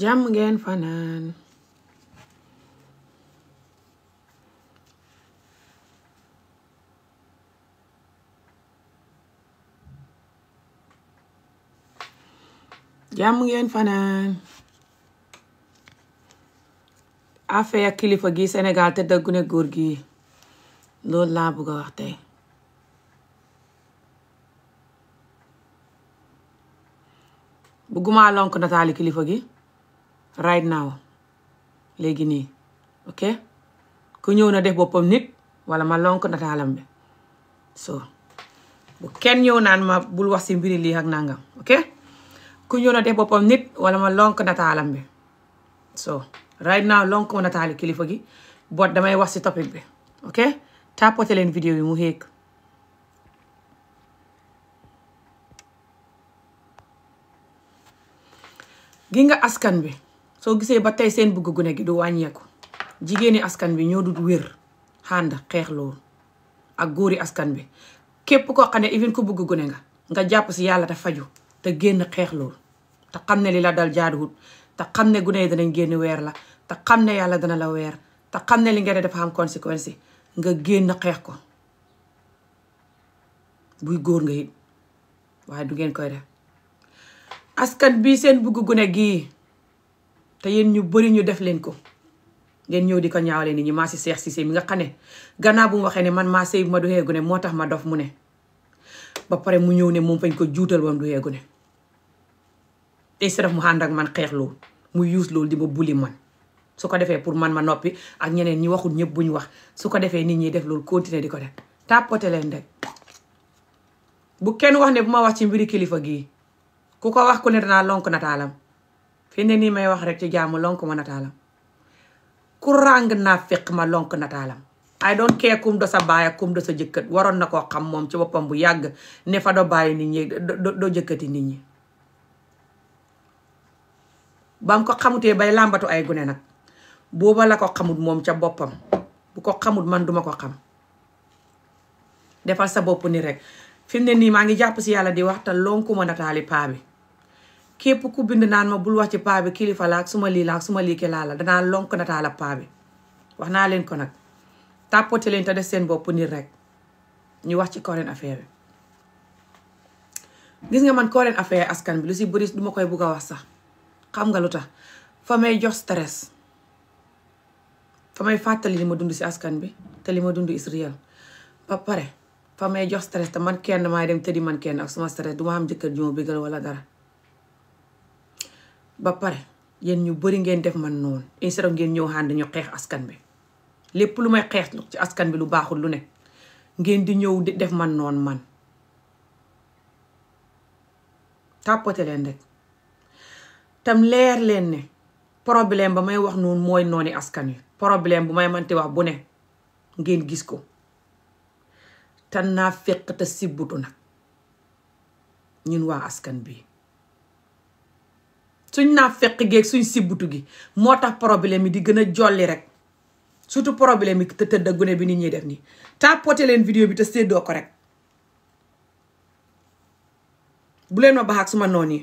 jàmm ngeen fanaan jàmm ngeen fanaan affaire kilifa gi Sénégal te dëggu ne góor gi loolu laa bëgg a wax tey bëgguma lonk nataali kilifa gi right now léegi nii ok ku ñëw na def boppam nit wala ma lonk nataalam bi so bu kenn ñëw naan ma bul wax si mbiri lii ak nangam ok ku ñëw na def boppam nit wala ma lonk nataalam bi so right now lonk ma nataali kilifa gi bot damay wax si topic bi ok tapote leen vidéo yi mu xéeg gi nga askan bi soo gisee ba tey seen buggu gune gi du wàññeeku jigéeni askan bi ñoo dut wér xànd xeex loolu ak góori askan bi képp koo xam ne even bëgg gune nga nga jàpp si yàlla te faju te génn xeex loolu te xam ne li la dal jaaduwut te xam ne gune yi danañ génn weer la te xam ne yàlla dana la weer te xam ne li nga def dafa am yi nga génn xeex ko buy góor nga it waaye du ngeen koy def askan bi seen bëgg gune gii te yéen ñu bari ñu def leen ko ngeen ñëw di ko ñaawale nit ñi maa si Cheikh Cissé mi nga xam ne gannaaw bu mu waxee ne man maa sëy ma du yeegu ne moo tax ma dof mu ne ba pare mu ñëw ne moom fañ ko juutal woon du yeegu ne tey mu ànd man xeex loolu mu di ma buli man su ko defee pour man ma noppi ak ñeneen ñi waxul ñëpp buñ wax su ko defee nit ñi def loolu continuer di ko def tàppote leen rek bu kenn wax ne bu ma wax ci mbiru kilifa gii ku ko wax ku ne danaa lonk nataalam fi nii may wax rek ci jàmm lonk ma nataalam ku ràng naa féq ma lonk nataalam ay doon kee kum do sa baay kum do sa jëkkat waroon na koo xam moom ci boppam bu yàgg ne fa nit ñi ko xamutee làmbatu ay gune nag booba la xamut ca boppam bu ko man duma ko xam defal sa bopp nii rek fi nii maa ngi jàpp si yàlla di waxta lonku ma nataali paa képp ku bind naan ma bul wax ci paa bi kilifa la ak suma lii la ak suma lii ke laa la danaa lonk nataal ak paa bi wax naa leen ko nag tàppate leen te def seen bopp nii rek ñu wax ci current affaire bi gis nga man current affaire askan bi lu si bëri duma koy bugg a wax sax xam nga lu tax fa may jox stress fa may fàttali li ma dund ci askan bi te li ma dund Israël ba pare fa may jox stress te man kenn maay dem tëddi man kenn ak suma stress duma xam jëkkër ju ma bëggal wala dara ba pare yéen ñu bari ngeen def man noonu instead ngeen ñëw ànd dañu xeex askan bi lépp lu may xeex ci askan bi lu baaxul lu ne ngeen di ñëw di def man noon man tàppate leen rek tam leer leen ne problème ba may wax noonu mooy nooni askan wi problème bu may manti wax bu ne ngeen gis ko te naa fekk te sibbutu nag ñun waa askan bi suñ naa fekk geeg suñ sibbutu gi moo tax problème yi di gën a jolli rek surtout problème yi te tëdd gune bi nit ñuy def nii tapoté leen vidéo bi te séddoo ko rek bu leen ma baax suma noon yi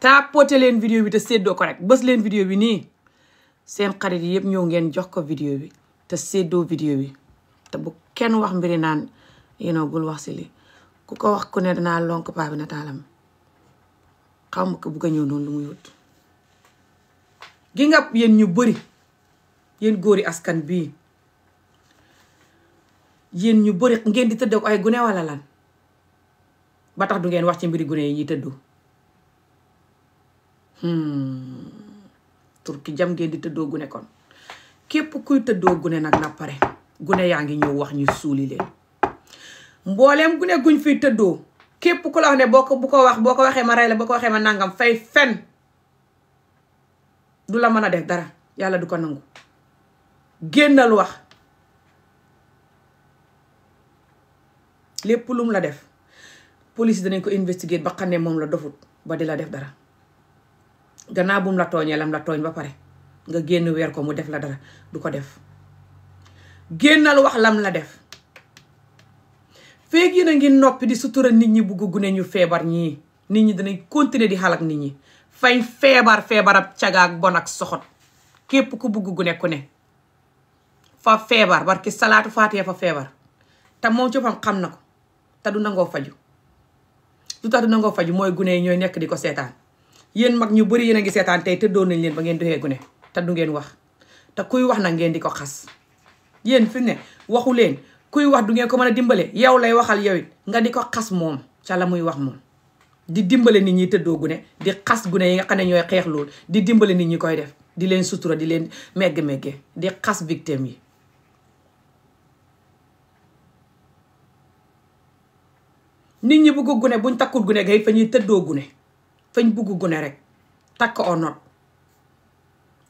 tapoté leen vidéo bi te séddoo ko rek bës leen vidéo bi nii seen xarit yi yëpp ñëw ngeen jox ko vidéo bi te séddoo vidéo bi te bu kenn wax mbiri naan you know wax si li ku ko wax ku ne danaa lonk paa bi nataalam xaw ma ko bu ko ñëw noonu lu muy wut gi nga yéen ñu bëri yéen yi askan bii yéen ñu bëri ngeen di tëddoo ay gune wala lan ba tax du ngeen wax ci mbiri gune yi ñuy tëddoo hmm, ki jam ngeen di tëddoo gune kon képp kuy tëddoo gune nag na pare gune yaa ngi ñëw wax ñu suuli leen mbooleem gune guñ fiy tëddoo képp ku la wax ne boo ko bu ko wax boo ko waxee ma rey la boo ko waxee ma nangam fay fen du la mën a def dara yàlla du ko nangu génnal wax lépp lum la def police danañ ko investiguer ba xam ne moom la dofut ba di la def dara gannaaw bum la tooñee lam la tooñ ba pare nga génn weer ko mu def la dara du ko def génnal wax lam la def feeg yéen a ngi noppi di sutura nit ñi bugg gune ñu feebar ñii nit ñi dinañ continuer di xalak nit ñi fay feebar feebarab cagaak bon ak soxot képp ku bugg gune ku ne fa feebar barki salaatu faatee fa feebar te moom ci fam xam na ko te du nangoo faju du tax du nangoo faju mooy gune yi ñooy nekk di ko seetaan yéen mag ñu bari yéen a ngi seetaan tey te doon nañ leen ba ngeen doxee gune te du ngeen wax te kuy wax na ngeen di ko xas yéen fi ne waxu leen kuy wax du ngeen ko mën a dimbale yow lay waxal yow nga di ko xas moom ca la muy wax moom di dimbale nit ñi tëddoo gune di xas gune yi nga xam ne ñooy xeex lool di dimbale nit ñi koy def di leen sutura di leen megge-megge di xas victime yi nit ñi bugg gune buñ takkul gune gay fa ñuy tëddoo gune fañ bugg gune rek takk o not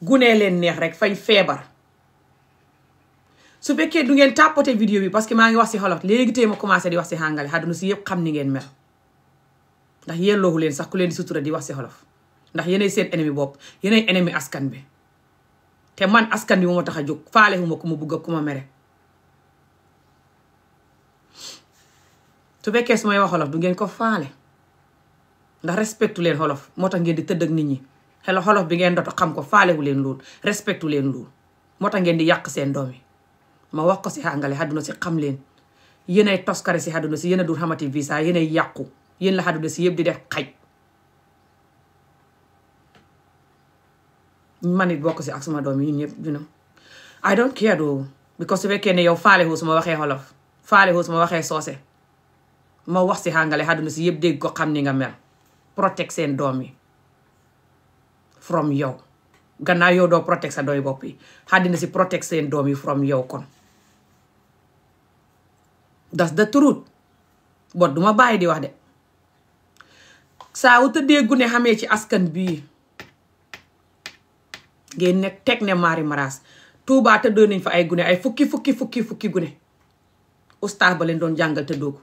gunee leen neex rek fay feebar su fekkee du ngeen tapoter vidéo bi parce que maa ngi wax si xolof léegi tey ma commencé di wax si hàngale àdduna si yëpp xam ni ngeen mel ndax yelloohu leen sax ku leen di sutura di wax si xolof ndax yeneen seen ennemi bopp yeneen ennemi askan bi te man askan bi moo tax a jóg faalewuma ku ma bugg ak ku ma mere su fekkee su may wax xolof du ngeen ko faale ndax respectu leen xolof moo tax ngeen di tëdd ak nit ñi xel bi ngeen doto xam ko faalewu leen lool respectu leen lool moo tax di yàq seen doom yi ma wax ko si àngale àdduna si xam leen yeneen ay toskare si àdduna si yéen a dul xamati visa yéen yàqu yéen la àdduna si yëpp di def xaj man it bokk si ak suma doom yi ñun ñëpp dina I don't care doo because su fekkee ne yow faale hoo su ma waxee xolof faale hoo su ma waxee soose ma wax si àngale àdduna si yëpp dégg ko xam ni nga mel protect seen doom yi from yow gannaaw yow doo protect sa doy bopp yi na si protect seen doom yi from yow kon das da turut bon du ma bàyyi di wax de saa wu tëddee gune xamee ci askan bii ngeen ne teg ne maari maraas Tuubaa tëddoo nañ fa ay gune ay fukki fukki fukki fukki gune ustaas ba leen doon jàngal tëddoo ko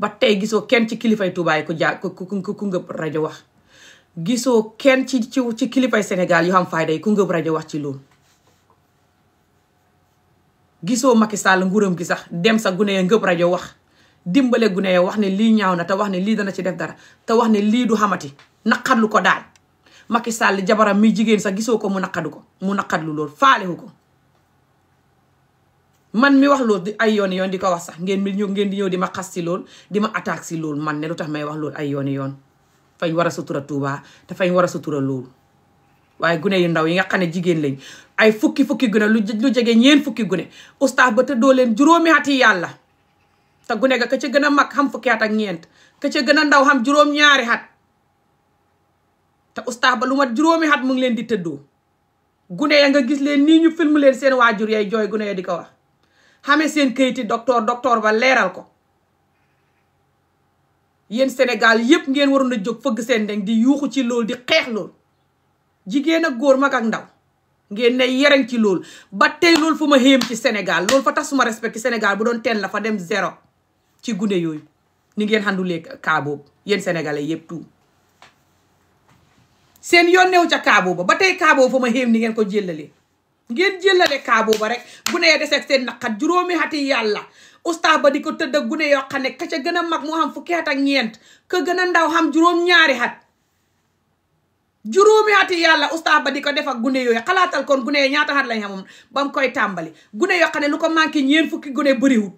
ba tey gisoo kenn ci kilifay Tuubaa yi ku ja ku ku ngëb rajo wax gisoo kenn ci ci kilifay senegal yu xam fayda yi ku ngëb rajo wax ci loolu gisoo Macky Sall nguuram gi sax dem sa gune ya ngëb rajo wax dimbale gune ya wax ne lii ñaaw na te wax ne lii dana ci def dara te wax ne lii du xamati naqadlu ko daal Macky Sall jabaram mi jigéen sax gisoo ko mu naqadu ko mu naqadlu loolu faalewu ko man mi wax lool di ay yooni yoon di ko wax sax ngeen mi ñëw ngeen di ñëw di ma xas si lool di ma attaque si lool man ne lu tax may wax loolu ay yooni yoon fañ war a sutura Touba te fañ war a sutura loolu waaye gune yu ndaw yi nga xam ne jigéen lañ ay fukki fukki gune lu lu jege ñeen fukki gune ustaas ba tëddoo leen juróomi ati yàlla te gune ga ka ca gën a mag xam fukki at ak ñeent ka ca gën a ndaw xam juróom ñaari at te ustaas ba lu mat juróomi at mu ngi leen di tëddoo gune yaa nga gis leen nii ñu film leen seen waajur yay jooy gune ya di ko wax xamee seen kayiti docteur docteur ba leeral ko yéen Sénégal yépp ngeen waroon a jóg fëgg seen deñ di yuuxu ci loolu di xeex loolu jigéen góor mag ak ndaw ngeen ne yeren ci lool ba tey loolu fu ma xéem ci senegal loolu fa tax suma respect ci Sénégal bu doon teen la fa dem zéro ci gune yooyu ni ngeen xandulee kaa boobu yéen sénégalais yëpp tout seen yoon new ca kaa booba ba tey kaa boobu fa ma xéem ni ngeen ko jëllalee ngeen jëllale kaa booba rek gune ya deseeg seen naqat juróomi xati yàlla ustaas ba di ko tëdd gune yoo xam ne ka ca gën a mag moo xam fukki at ak ñeent ka gën a ndaw xam juróom ñaari xat juróom ati yàlla ustaas ba di ko def ak gune yooyu xalaatal kon gune yooyu ñaata at lañ xamoon ba mu koy tàmbali gune yoo xam ne lu ko manqué ñeen fukki gune bëriwul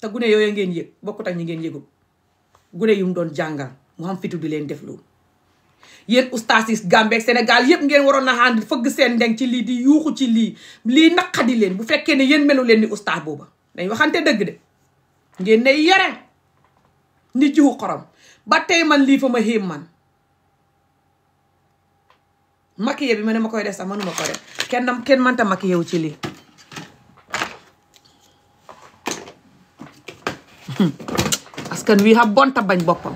te gune yooyu ngeen yëg bokkut ak ñi ngeen yëgul gune yu mu doon jàngal mu xam fitu di leen def loolu yéen ustaas yi Gambie ak Sénégal ngeen waroon na ànd fëgg seen ndeng ci lii di yuuxu ci lii lii naqadi leen bu fekkee ne yéen melu leen ni ustaas booba dañ waxante dëgg ngeen ne ni jiwu xorom ba tey man lii fa ma xiim man maquillé bi ma ne ma koy def sax mënuma ko def kenn dam kenn mënta maquillé wu ci lii askan wi xam bonta bañ boppam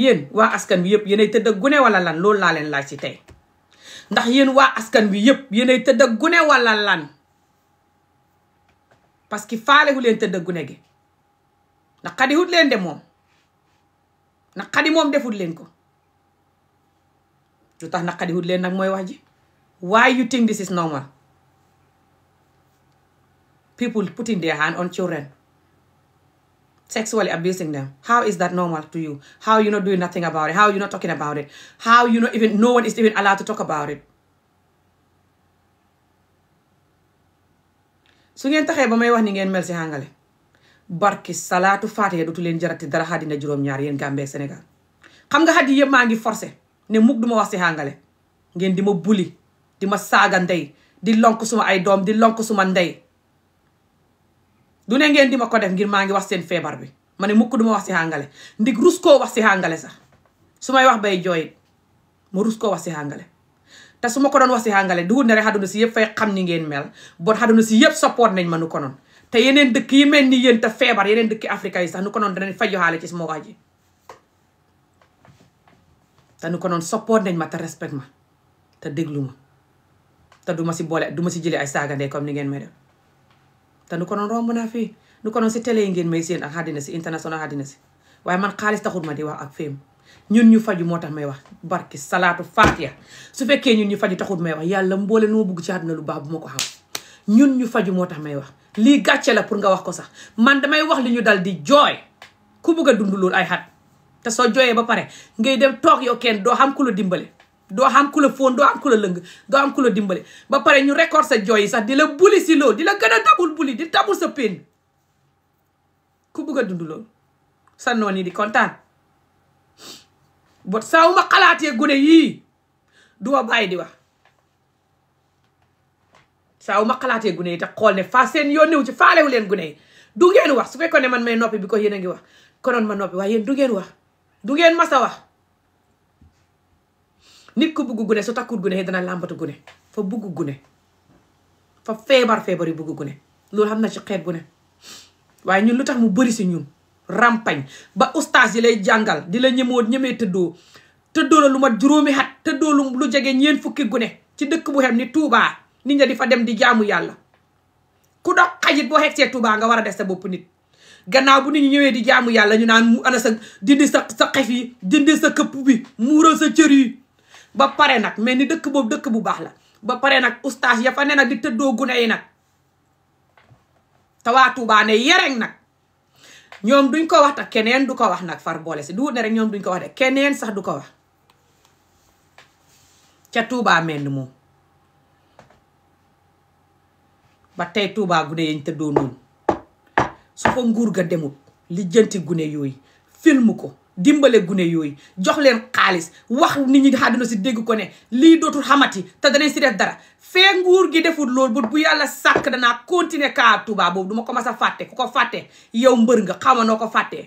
yéen waa askan wi yëpp yéenay tëdd gune wala lan loolu laa leen laaj ci tey ndax yéen waa askan wi yëpp yéenay tëdd gune walla lan parce que faalewu leen tëdd gune gi ndax xadiwut leen de moom ndax xadi moom defut leen ko lu tax ndax xadiwut leen nag mooy wax ji why you think this is normal people putting their hand on children sexually abusing them how is that normal to you how you not doing nothing about it how you not talking about it how you not even no one is even allowed to talk about it su ngeen taxee ba may wax ni ngeen mel si àngale barki salaatu faatiha dootu leen jarati dara xaddina juróom-ñaar yéen Gambie Sénégal xam nga xaddi yëpp maa ngi forcé ne mukk duma wax si àngale ngeen di ma buli di ma saaga ndey di lonk suma ay doom di lonk suma ndey du ne ngeen di ma ko def ngir maa ngi wax seen feebar bi ma ne mukk duma wax si àngale ndig rus koo wax si àngale sax su may wax bay jooyit ma rus koo wax si àngale te su ma ko doon wax si àngale dugul ne rek xaduna si yëpp fay xam ni ngeen mel bon xaduna si yëpp support nañ ma nu ko noon te yeneen dëkk yi mel ni yéen te feebar yeneen dëkki Afrique yi sax nu ko noon danañ fay joxaale ci ko noon support nañ ma te ma te déglu ma te du ma boole du si jëlee ay saagandee comme ni ngeen may def nu ko noon romb naa fii nu ko noon si télé yi ngeen may seen ak àddina si international àddina si waaye man xaalis taxul ma di wax ak féem ñun ñu faju moo tax may wax barki salaatu ya su fekkee ñun ñu faju taxut may wax yàlla mboole nu ma bugg ci àdduna lu baax bu ma ko xam ñun ñu faju moo tax may wax lii gàcce la pour nga wax ko sax man damay wax li ñu dal di jooy ku bugg a dund loolu ay xat te soo jooyee ba pare ngay dem toog yow kenn doo xam ku la dimbale doo xam ku la fóon doo am ku la lëng doo am ku la dimbale ba pare ñu record sa jooy yi sax di la buli si loolu di la gën a dabul buli di sa pénn ku bugg a dund sa noon yi di kontaan bot saa wu ma xalaatee gune yii du ma bàyyi di wax saa wu ma xalaatee gune yi te xool ne faa seen yoon newu ci faalewu leen gune yi du ngeen wax su fekkoon ne man may noppi bi ko yéen a ngi wax konoon ma noppi waaye yéen du ngeen wax du ngeen masa wax nit ku bugg gune su takkut gune yi dana làmbatu gune fa bugg gune fa feebar feebar yi bugg gune loolu xam na ci xeet bu ne waaye ñun lu tax mu bari si ñun rampañ ba ustaas yi lay jàngal di la ñemoo ñemee tëddoo tëddoo la lu mat juróomi xat tëddoo lu lu jege ñeen fukki gune ci dëkk bu xem ni Touba ni ña di fa dem di jaamu yàlla ku dox xajit boo xegsee Touba nga war a des sa bopp nit gannaaw bu nit ñi ñëwee di jaamu yàlla ñu naan mu ana sa dindi sa sa xef dindi sa këpp bi muural sa cër yi ba pare nag mais ni dëkk boobu dëkk bu baax la ba pare nag ustaas ya fa ne nag di tëddoo gune yi nag te waa Touba ne yereŋ nag ñoom duñ ko wax te keneen du ko wax nag far boole si duut ne rek ñoom duñ ko wax de keneen sax du ko wax ca Touba mel moom ba tey Touba gune yañ tëddoo noonu su fa nguur ga demut lijjanti gune yooyu film ko dimbale gune yooyu jox leen xaalis wax nit ñi àdduna si dégg ko ne lii dootul xamati te danañ si def dara fee nguur gi deful loolu but bu yàlla sàkk danaa continuer kaa Touba boobu duma ko mas a fàtte ku ko fàtte yow mbër nga xawma ko fàttee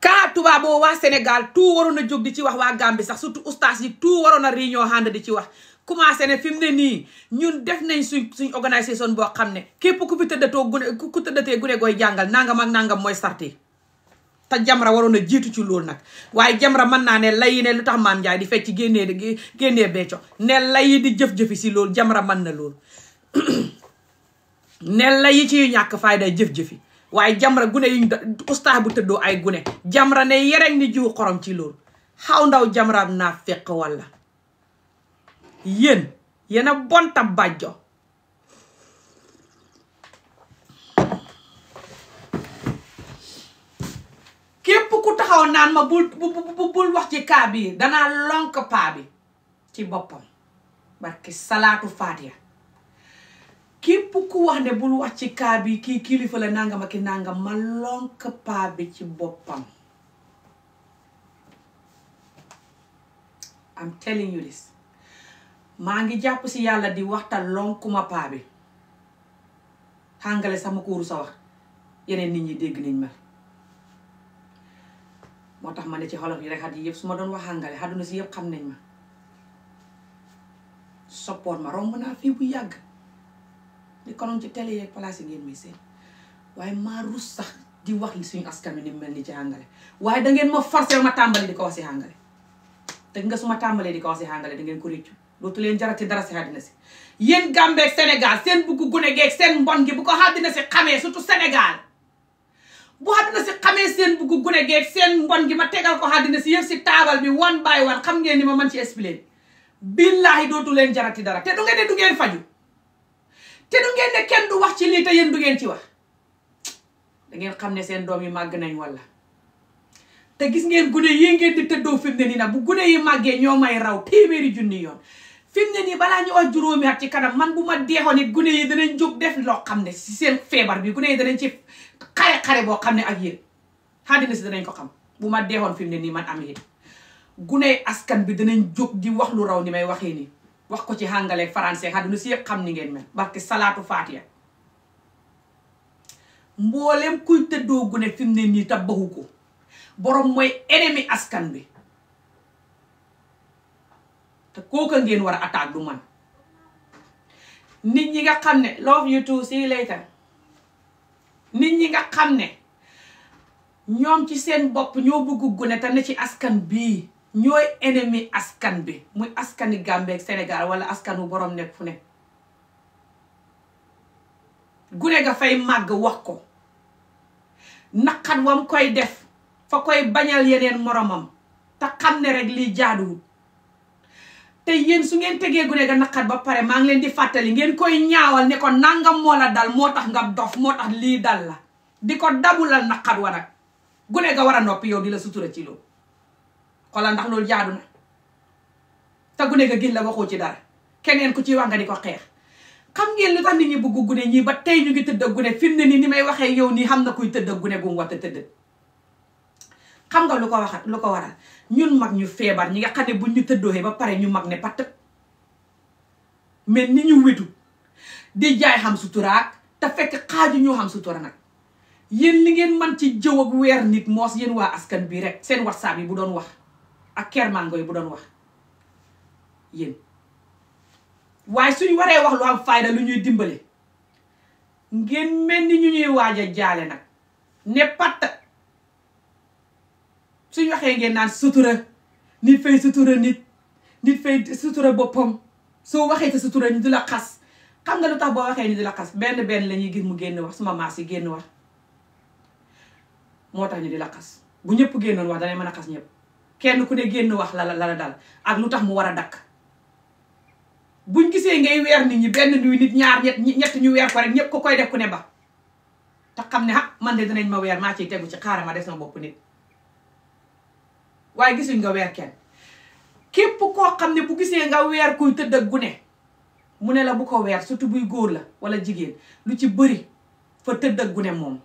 kaa Touba boobu waa Sénégal tout waroon a jóg di ci wax waa gàmbi sax surtout ustaas yi tout waroon a réunion ànd di ci wax commencé ne fi mu ne nii ñun def nañ suñ suñ organisation boo xam ne képp ku fi tëddatoo gune ku tëddatee gune gooy jàngal nangam ak nangam mooy sarti te Jamra waroon a jiitu ci loolu nag waaye Jamra mën naa ne layi ne lu tax Maam Njaay di fecc génnee génnee becco ne layi di jëf-jëfi si loolu Jamra mën na loolu ne layi ci yu ñàkk day jëf-jëfi waaye Jamra gune yuñ ustaas bu tëddoo ay gune Jamra ne yereñ ni jiw xorom ci lool xaw ndaw Jamra naa fekk walla yéen yéen a bonta bàjjo képp ku taxaw naan ma bul bul wax ci kaa bii danaa lonk paa bi ci boppam barki salaatu faatiya képp ku wax ne bul wax ci kaa bi kii kilifa la nangam ak nangam ma lonk paa bi ci boppam maa ngi jàpp si yàlla di waxtaan lonkuma paa bi xàngale sama kuuru sa wax yeneen nit ñi dégg nañ ma moo tax ma ne ci xolof yi rek xat yi yëpp su ma doon wax xàngale xaduna si yëpp xam nañ ma soppoon ma romb naa fii bu yàgg di konoon ci télé yeeg place yi ngeen may seen waaye maa rus sax di wax li suñu askan wi ni mel ni ci xàngale waaye da ngeen ma forcer ma tàmbali di ko si xàngale te nga suma tàmbalee di ko wax si xàngale da ko réccu dootu leen jarati dara si àddina si yéen Gambie ak seen bugg gune geeg seen mbon gi bu ko àddina si xamee surtout Sénégal bu àddina si xamee seen bugg gune geeg seen mbon gi ma tegal ko àddina si yëpp si taabal bi one by one xam ngeen ni ma man ci expliquer billaahi dootu leen jarati dara te du ngeen ngeen faju te du ngeen ne kenn du wax ci lii te yéen du ngeen ci wax da xam ne seen doom yi màgg nañ walla te gis ngeen gune yi ngeen di tëddoo fi mu ne nii nag bu gune yi màggee ñoo may raw téeméeri junni yoon fi mu ne nii balaa ñu wax juróomi at ci kanam man bu ma deexoon it gune yi danañ jóg def loo xam ne si seen feebar bi gune yi danañ ci xare-xare boo xam ne ak yéen xaddina si danañ ko xam bu ma deexoon fi mu ne nii man am yéen gune askan bi danañ jóg di wax lu raw ni may waxee nii wax ko ci hàngale français xaddina si yëpp xam ni ngeen mel barke salaatu faatiya mboolem kuy tëddoo gune fi mu ne nii tabaxu ko boroom mooy ennemi askan bi te kooka ngeen war a attaque du man nit ñi nga xam ne love you too see you nit ñi nga xam ne ñoom ci seen bopp ñoo bëgg gune te ne ci askan bii ñooy ennemi askan bi muy askani Gambie senegal Sénégal wala askan wu borom nekk fu ne gune ga fay màgg wax ko naqat wam koy def fa koy bañal yeneen moroomam te xam ne rek lii jaaduwul te yéen su ngeen tegee gune ga naqar ba pare maa ngi leen di fàttali ngeen koy ñaawal ne ko nangam moo la dal moo tax nga dof moo tax lii dal la di ko dabulal naqar wa nag gune ga war a noppi yow di la sutura ci loolu xoolal ndax loolu jaadu na te gune ga gis la waxoo ci dara keneen ku ciy wax nga di ko xeex xam ngeen lu tax nit ñi bëgg gune ñii ba tey ñu ngi tëdd gune fi mu ne nii ni may waxee yow nii xam na kuy tëdd gune gu mu war a tëdd xam nga lu ko wax lu ko waral ñun mag ñu feebar ñi nga xam ne buñ ñu tëddooxee ba pare ñu mag ne patt mais ni ñu witu di jaay xam suturaak te fekk xaaju ñoo xam sutura nag yéen li ngeen man ci jëw ak weer nit moos yéen waa askan bi rek seen whatsapp yi bu doon wax ak kermango yi bu doon wax yéen waaye suñ waree wax lu am fayda lu ñuy dimbale ngeen mel ni ñu ñuy waaj a jaale nag ne patt suñ waxee ngeen naan sutura nit fay sutura nit nit fay sutura boppam soo waxee te sutura ñu di la xas xam nga lu tax boo waxee ñu di la xas benn benn la ñuy gis mu génn wax suma maas yi génn wax moo tax ñu di la bu ñëpp génnoon wax danay mën a xas ñëpp kenn ku ne génn wax la la la dal ak lu tax mu war a dakk buñ gisee ngay weer nit ñi benn nuy nit ñaar ñett ñett ñu weer ko rek ñëpp ko koy def ku ne ba te xam ne ah man de danañ ma weer maa ci tegu ci xaaral ma def sama bopp nit waaye gisuñ nga weer kenn képp koo xam ne bu gisee nga weer kuy tëdd ak gune mu ne la bu ko weer surtout buy góor la wala jigéen lu ci bëri fa tëdd ak gune moom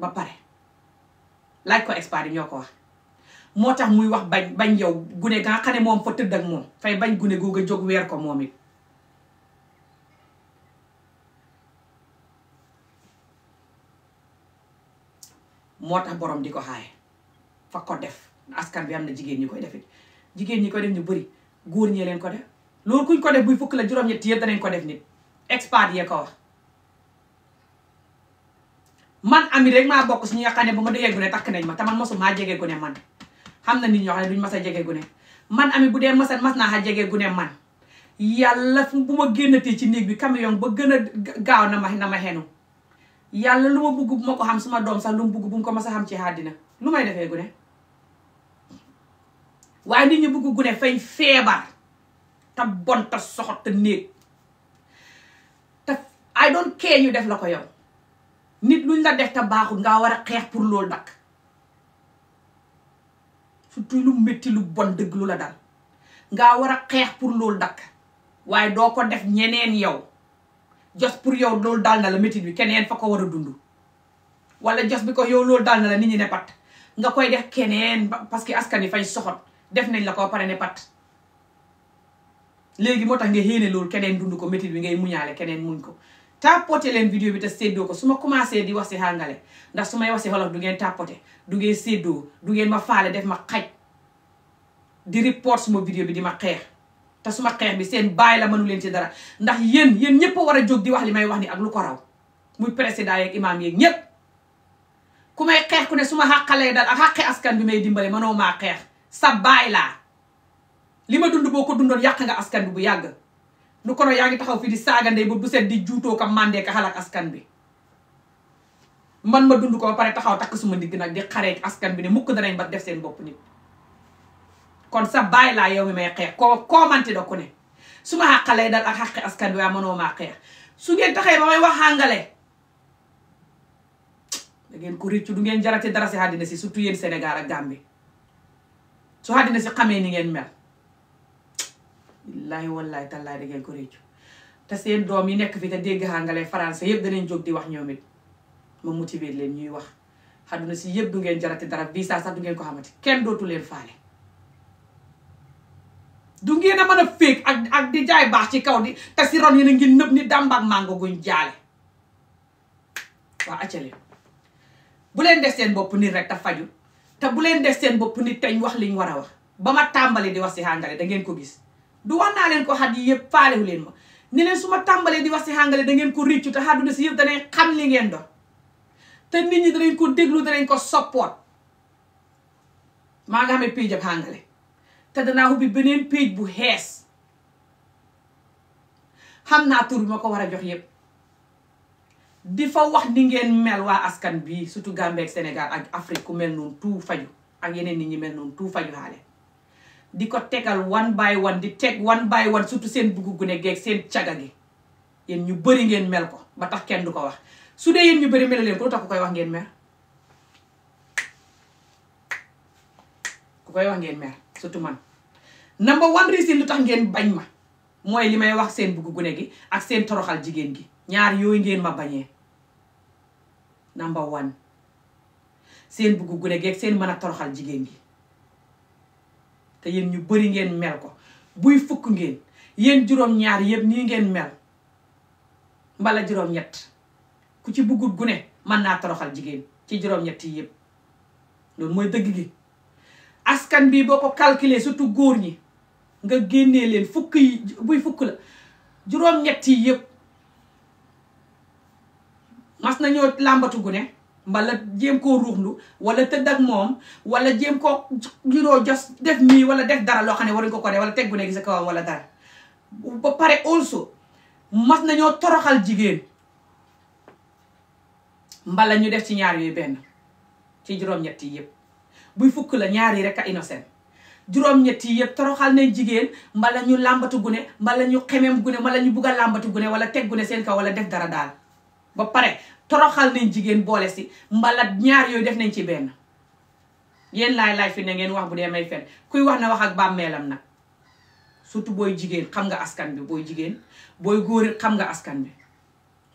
ba pare laaj ko expert yi ñoo ko wax moo tax muy wax bañ bañ yow gune ga nga xam ne moom fa tëdd ak moom fay bañ gune googu jóg weer ko moom it moo tax borom di ko xaaye fa ko def askan bi am na jigéen ñi koy def jigéen ñi koy def ñu bari góor ñee leen ko def loolu kuñ ko def buy fukk la juróom-ñetti yëpp danañ ko def nit expert yee ko wax man ami rek maa bokk si ñi nga ne ba ma déggee gune takk nañ ma te man maa jege gune man xam na nit ñoo xam ne mas a jege gune man ami bu dee mas a mas naa jege gune man yàlla bu ma génnatee ci néeg bi camion ba gën a gaaw na ma na ma xenu yàlla lu ma bugg bu ma ko xam suma doom sax lu mu bugg bu mu ko mas xam ci àddina lu may defee gune waaye nit ñi bugg gune fañ feebar te bon te soxot te néeg te ay doon kee ñu def la ko yow nit luñ la def te baaxul ngaa war a xeex pour loolu dakk surtout lu métti lu bon dëgg lu la dal ngaa war a xeex pour loolu dakk waaye doo ko def ñeneen yow jos pour yow loolu daal na la métit bi keneen fa ko war a dund wala jos bi ko yow loolu dal na la nit ñi ne pat nga koy def keneen parce que askan yi fay soxot def nañ la ko pare ne pat léegi moo tax nga xéene loolu keneen dund ko métit bi ngay muñaale keneen muñ ko tàppote leen vidéo bi te séddoo ko su ma commencé di wax si hàngale ndax su may wax si xolof du ngeen tàppote du ngeen séddoo du ngeen ma faale def ma xaj di report suma vidéo bi di ma xeex te suma xeex bi seen baay la mënu leen ci dara ndax yéen yéen ñëpp war a jóg di wax li may wax ni ak lu ko raw muy président yeeg imaam yeeg ñëpp ku may xeex ku ne suma xàqalee dal ak xàqi askan bi may dimbale mënoo maa xeex sa bàyyi laa li ma dund boo ko dundoon yàq nga askan bi bu yàgg lu ko raw yaa ngi taxaw fi di saagandee ndey ba bu set di juutoo kam mandee ka xalak askan bi man ma dund ko ba pare taxaw takk suma ndigg nag di xaree askan bi ne mukk danañ ba def seen bopp nit kon sa bàyyi laa yow mi may xeex koo koo manti da ku ne su ma xàqa lay dal ak xàqi askan bi waa mënoo maa xeex su ngeen taxee ba may wax àngale da ngeen ko réccu du ngeen jarati dara si àddina si surtout yéen Sénégal ak Gambie su àddina si xamee ni ngeen mel illaahi wallaahi tallaahi da ngeen ko réccu te seen doom yi nekk fii te dégg àngale français yëpp danañ jóg di wax ñoom it ma motiver leen ñuy wax àdduna si yëpp du ngeen jarati dara visa sax du ngeen ko xamati kenn dootu leen faale du ngeen a mën a féeg ak ak di jaay baax ci kaw di te si ron yéen na ngi nëb ni dàmbaak màngo guñ jaale waa acca leen bu leen def seen bopp nit rek te faju te bu leen def seen bopp nit teñ wax liñ war a wax ba ma tàmbali di wax si hàngale da ngeen ko gis du wax naa leen ko xat yi yëpp faalewu leen ma ni leen su ma tàmbalee di wax si hàngale da ngeen ko riccu te àdduna si yëpp danañ xam li ngeen doon te nit ñi danañ ko déglu danañ ko soppoot maa nga xamee te danaa ubbi beneen page bu xees xam naa tur bi ma ko war a jox yépp di fa wax ni ngeen mel waa askan bi sutu Gambie ak ak Afrique ku mel noonu tout faju ak yeneen nit ñi mel noonu tout faju xaale di ko tegal one by one di teg one by one surtout seen buggu gune geeg seen caga gi yéen ñu bari ngeen mel ko ba tax kenn du ko wax su dee yen ñu bëri mel leen ko lu tax ku koy wax ngeen mer ku koy wax ngeen mel sutu man number one reason lu tax ngeen bañ ma mooy li may wax seen bugg gune gi ak seen toroxal jigéen gi ñaar yooyu ngeen ma bañee number one seen bugg gune gi ak seen mën a toroxal jigéen gi te yéen ñu bari ngeen mel ko buy fukk ngeen yéen juróom-ñaar yëpp nii ngeen mel mbala juróom-ñett ku ci buggut gune mën naa toroxal jigéen ci juróom-ñett yi yëpp loolu mooy dëgg gi askan bi boo ko calculer surtout góor ñi nga génnee leen fukk yi buy fukk la juróom-ñett yi yëpp mas nañoo làmbatu gune mbala jéem koo ruuxlu wala tëdd ak moom wala jéem koo juróo jos def nii wala def dara loo xam ne waruñu ko ko def wala teg gu ne gis kawam wala dara ba pare also mas nañoo toroxal jigéen mbala ñu def ci ñaar yooyu benn ci juróom-ñett yi yëpp buy fukk la ñaar yi rek a innocent juróom-ñett yi toroxal nañ jigéen mbala ñu làmbatu gune mbala ñu xemem gune mbala ñu bugg a làmbatu gune wala teg gune seen kaw wala def dara daal ba pare toroxal nañ jigéen boole si mbala ñaar yooyu def nañ ci benn yéen laay laay fi ne ngeen wax bu dee may fen kuy wax na wax ak bàmmeelam nag surtout booy jigéen xam nga askan bi booy jigéen booy góor xam nga askan bi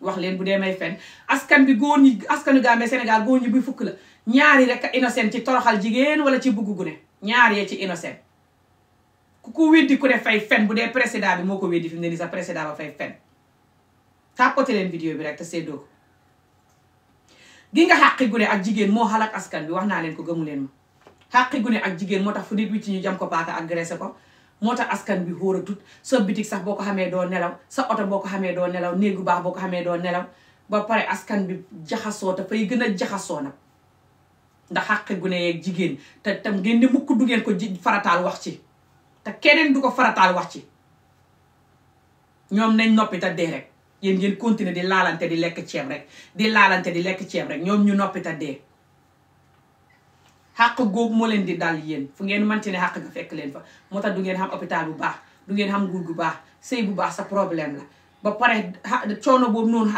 wax leen bu dee may fen askan bi góor ñi askanu Gambie Sénégal góor ñi buy fukk la ñaari rek innocent ci toroxal jigéen wala ci bugg gune ñaar yee ci innocent ku ko weddi ku ne fay fen bu dee précédent bi moo ko weddi fi mu ne nii sa précédent ba fay fen tàppate leen vidéo bi rek te seddoo ko gi nga xàqi gune ak jigéen moo xalak askan bi wax naa leen ko gëmu leen ma xàqi gune ak jigéen moo tax fu nit wi ci ñu jam ko paaka agressé ko moo tax askan bi xóoratut sa bitik sax boo ko xamee doo nelaw sa oto boo ko xamee doo nelaw néegu baax boo ko xamee doo nelaw ba pare askan bi jaxasoo te fay gën a jaxasoo nag ndax xàq gune yeeg jigéen te tam ngeen di mukk du ngeen ko farataal wax ci te keneen du ko farataal wax ci ñoom nañ noppi te dee rek yéen ngeen continuer di laalante di lekk ceeb rek di laalante di lekk ceeb rek ñoom ñu noppi te dee xàq googu moo leen di dal yéen fu ngeen manti ne xàq nga fekk leen fa moo tax du ngeen xam hôpital bu baax du ngeen xam nguur gu baax sëy bu baax sa problème la ba pare coono boobu noonu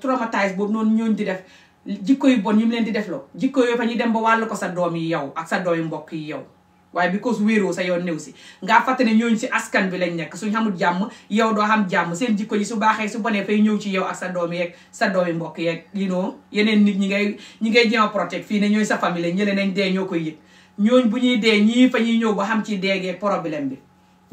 traumatise boobu noonu ñooñ di def jikko yi bon yi mu leen di def loo jikko yooyu fa ñu dem ba wàllu ko sa doom yi yow ak sa doom yi mbokk yi yow waaye because wéeroo sa yoon néew si ngaa fàtte ne ñooñu si askan bi lañ nekk suñ xamul jàmm yow doo xam jàmm seen jikko yi su baaxee su bonee fay ñëw ci yow ak sa doom yeeg sa doom yi mbokk yeeg you know yeneen nit ñi ngay ñi ngay jéem a protect fii ne ñooy sa famille ñële nañ dee ñoo koy yëg ñooñ bu ñuy dee ñii fa ñuy ñëw ba xam ci deegee problème bi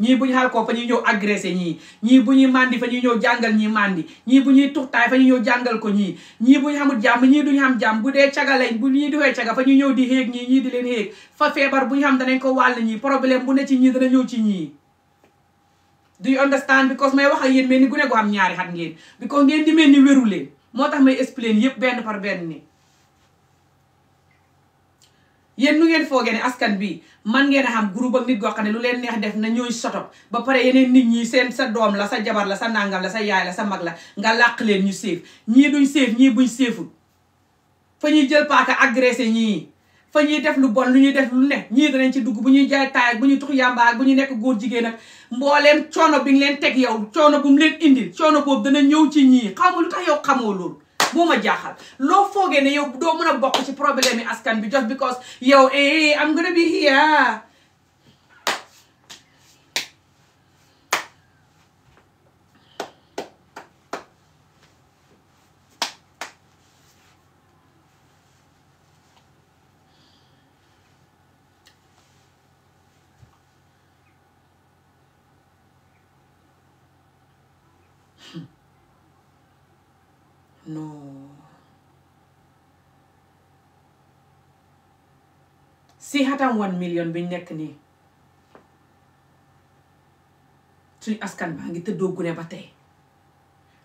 ñii bu ñu xal ko fa ñuy ñëw agressé ñii ñii bu ñuy mandi fa ñuy ñëw jàngal ñii màndi ñii bu ñuy tuxtaay fa ñuy ñëw jàngal ko ñii ñii bu ñu xamul jàmm ñii duñu xam jàmm bu dee caga lañ bu ñuy defee caga fa ñuy ñëw di xéeg ñii ñii di leen xéeg fa feebar bu ñu xam danañ ko wàll ñii problème bu ne ci ñii dana ñëw ci ñii do you understand because may wax ak yéen mel ni gune goo xam ñaari xat ngeen because ngeen di meen ni wéru leen moo tax may explain yépp benn par benn ni yéen nu ngeen foogee ne askan bi man ngeen a xam groupe ak nit goo xam ne lu leen neex def na ñooy sotop ba pare yeneen nit ñi seen sa doom la sa jabar la sa nàngam la sa yaay la sa mag la nga làq leen ñu séef ñii duñ ñii buñ séeful fa ñuy jël paaka agressé ñii fa ñuy def lu bon lu ñuy def lu ne ñii danañ ci dugg bu ñuy jaay taay bu ñuy tux yàmba bu ñuy nekk góor jigéena mbooleen mbooleem coono bi nga leen teg yow coono bu mu leen indi coono boobu dana ñëw ci ñii xaw ma lu bu ma jaaxal loo foogee ne yow doo mën a bokk ci problème yi askan bi just because yow eh, eh I'm gonna be here ñaataam one million bi nekk nii suñu askan baa ngi tëddoo gune ba tey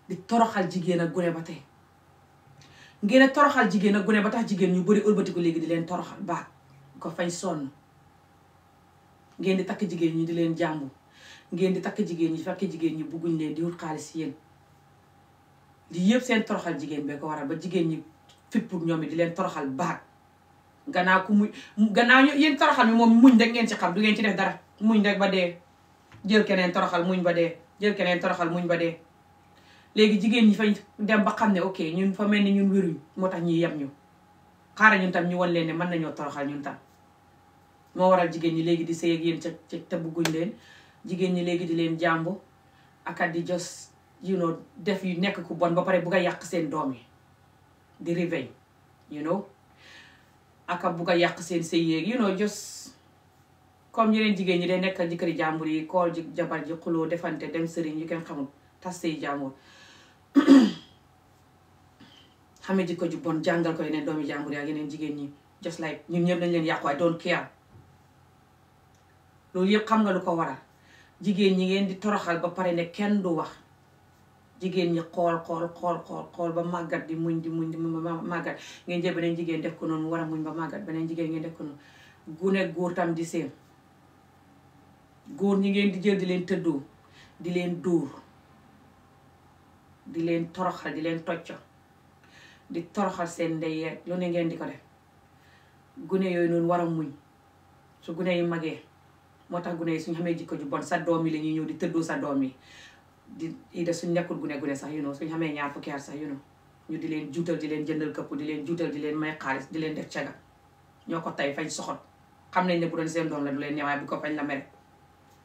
di toroxal jigéen ak gune ba tey ngeen toroxal jigéen ak gune ba tax jigéen ñu bëri ëlbatiku léegi di leen toroxal baat ko fay sonn ngeen di takk jigéen ñi di leen jàmbu ngeen di takk jigéen ñi fekk jigéen ñi bugguñ leen di xaalis yéen di yëpp seen toroxal jigéen bee ko waral ba jigéen ñi fippu ñoom it di leen toroxal baat gannaaw ku muñ gannaaw yéen toroxal mi moom muñ rek ngeen si xam du ngeen ci def dara muñ rek ba dee jël keneen toroxal muñ ba dee jël keneen toroxal muñ ba dee léegi jigéen ñi fañ dem ba xam ne ok ñun fa mel ni ñun wéruñ moo tax ñuy yem ñu xaaral ñun tam ñu wan leen ne mën nañoo toroxal ñun tam moo waral jigéen ñi léegi di sëy ak yéen ca ca te bëgguñ leen jigéen ñi léegi di leen jàmbu aka di jos you know def yu nekk ku bon ba pare bugg a yàq seen doom yi di réveil ak a yàq seen sëy yéeg you know just comme yeneen jigéen ñi day nekkal jëkkëri jàmbur yi kool ji jabar ji xuloo defante dem sëriñ yu kenn xamul tas sëy jàmbur xame jikko ju bon jàngal ko yeneen doomi jàmbur yi ak yeneen jigéen ñi just like ñun ñëpp dañ leen yàqu I don't care loolu yëpp xam nga lu ko waral jigéen ñi ngeen di toroxal ba pare ne kenn du wax jigéen ñi xool xool xool xool ba màggat di muñ di muñ di muñ ba màggat ngeen jël beneen jigéen def ko noonu war a muñ ba màggat beneen jigéen ngeen def ko noonu gune góor tam di séen góor ñi ngeen di jël di leen tëddoo di leen dóor di leen toroxal di leen tocco di toroxal seen ndey yeeg ne ngeen di ko def gune yooyu noonu war a muñ su gune yi magee moo tax gune yi suñu xamee jikko ju bon sa doom yi la ñuy ñëw di tëddoo sa doom yi di yi def suñ nekkul gune gune sax you know suñ xamee ñaar fukki at sax you know ñu di leen juutal di leen jëndal këpp di leen juutal di leen may xaalis di leen def caga ñoo ko tay fañ soxot xam nañ ne bu seen doom la du leen newaay bu ko fañ la mere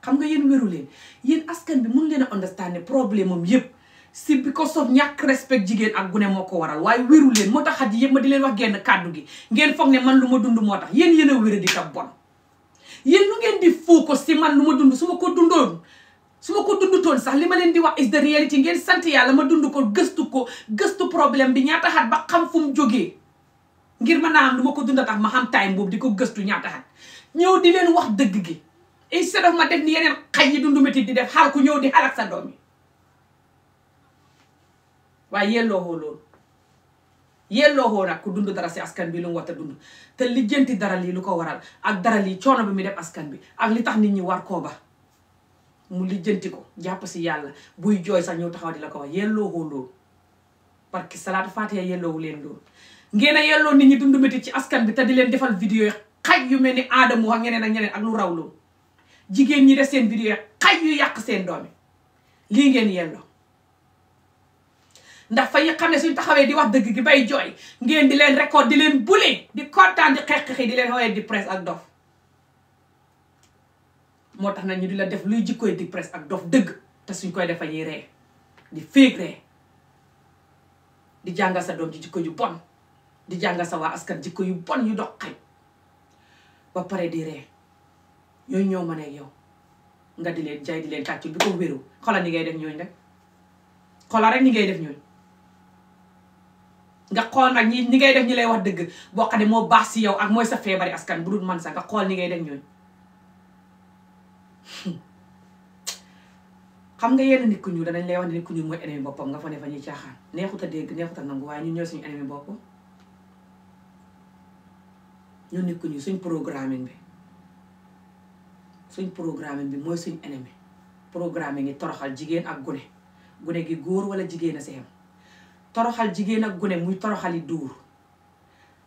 xam nga yéen wéru leen yéen askan bi mun leen a understand ne problème am yëpp si bi ko sof ñàkk respect jigéen ak gune moo ko waral waaye wéru leen moo tax xat yëpp ma di leen wax genn kàddu gi ngeen foog ne man lu ma dund moo tax yéen yéen a wéra di ka bon yéen lu ngeen di foo ko si man lu ma dund su ko dundoon su ma ko dundutoon sax li ma leen di wax is the reality ngeen sant yàlla ma dund ko gëstu ko gëstu problème bi ñaata xat ba xam fu mu jógee ngir mën naa am lu ma ko a tax ma xam time boobu di ko gëstu ñaata xat ñëw di leen wax dëgg gi instead of ma def ni yeneen xaj yi dundu métti di def xaar ku ñëw di xalaat sa doom yi waaye yelloohoo loolu yelloohoo nag ku dund dara si askan bi lu mu war a dund te lijjanti dara lii lu ko waral ak dara lii coono bi mu def askan bi ak li tax nit ñi war koo ba mu lijjanti ko jàpp si yàlla buy jooy sax ñëw taxaw di la ko wax yelloo ko loolu parce que salaatu faatiha yelloowu leen loolu ngeen a yelloo nit ñi dund métit ci askan bi te di leen defal vidéo yi xaj yu mel ni aadamu ak ñeneen ak ñeneen ak lu raw jigéen ñi def seen vidéo yi xaj yu yàq seen doomi lii ngeen yelloo ndax fa yi xam ne suñ taxawee di wax dëgg gi bay jooy ngeen di leen record di leen bule di kontaan di xeex xeex di leen xawee di presse ak dof moo tax nag ñu di la def luy jikkooy di presse ak dof dëgg te suñ koy defa ñuy ree di féeg ree di jàngal sa doom ci jikko yu bon di jàngal sa waa askan jikko yu bon yu dox xañ ba pare di ree ñooñu ñoo mën ak yow nga di leen jaay di leen tàccul bi ko wéru xola ni ngay def ñooñu rek xola rek ni ngay def ñooñ nga xool nag ñi ñi ngay def ñu lay wax dëgg boo xam ne moo baax si yow ak mooy sa feebari askan bu dul man sax nga xool ni ngay def ñooñu xam nga yenn nit ku ñuul danañ lay ku ñuul mooy ennemi boppam nga fa ne fa ñuy caaxaan neexut a dégg neexut a nangu waaye ñun ñooy suñu ennemi bopp ñun nit ku suñ programming bi suñ programming bi mooy suñ ennemi programming ngi toroxal jigéen ak gune gune gi góor wala jigéen a si toroxal jigéen ak gune muy toroxali duur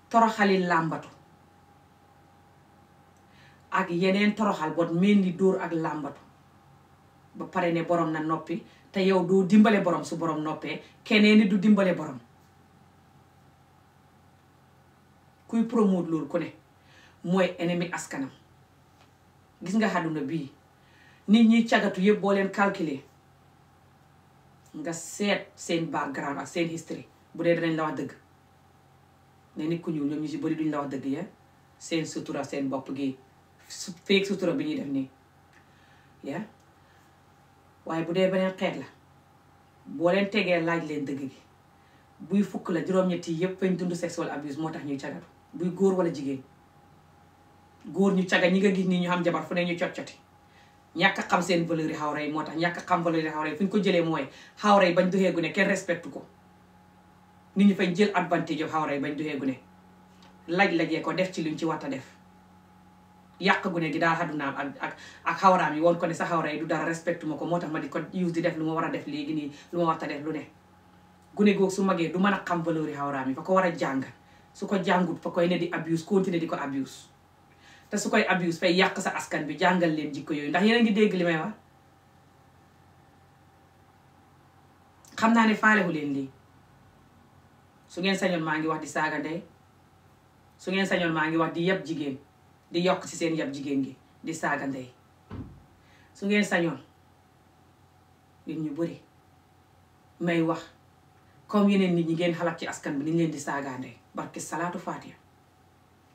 toroxali làmbatu ak yeneen toroxal bot mel ni dóor ak làmbatu ba pare ne borom na noppi te yow doo dimbale borom su boroom noppee keneen ni du dimbale borom kuy promote loolu ku ne mooy ennemi askanam gis nga na bii nit ñi cagatu yëpp boo leen calculer nga seet seen background ak seen history bu dee danañ la wax dëgg ne nit ku ñuul ñu si bëri duñ la dëgg ya seen sutura seen bopp gi su feeg sutura bi ñuy def nii ya waaye bu dee beneen xeet la boo leen tegee laaj leen dëgg gi buy fukk la juróom-ñett yi yëpp fañ dund sexual abuse moo tax ñuy cagatu buy góor wala jigéen góor ñu caga ñi nga gis nii ñu xam jabar fu ne ñu cot-coti ñàkk xam seen valeur yi xawra yi moo tax ñàkk xam valeur yi xawra yi fu ñu ko jëlee mooy xawra yi bañ doxee gu ne kenn respecte ko nit ñi fañ jël advantage of xawra yi bañ doxee gu laaj laj jee ko def ci luñ ci war yàq gune gi daal xadunaam ak ak ak xawraam yi woon ko ne sa xawra yi du dara respecté ma ko moo tax ma di ko use di def lu ma war a def léegi nii lu ma war ta def lu ne gune googu su magee du mën a xam valeur yi xawraam ko war a jàng su ko jàngut fa koy ne di abuse continuer di ko abuse te su koy abuse fay yàq sa askan bi jàngal leen jikko yooyu ndax yéen ngi dégg li xam naa ne faalewu leen lii su ngeen sañoon maa ngi wax di saaga ndey su ngeen sañoon maa ngi wax di yab jigéen di yokk ci seen yab jigéen gi di saaga ndey su ngeen sañoon nit ñu bëri may wax comme yeneen nit ñi ngeen xalaat ci askan bi ni ñu leen di saaga ndey barki salaatu faatiha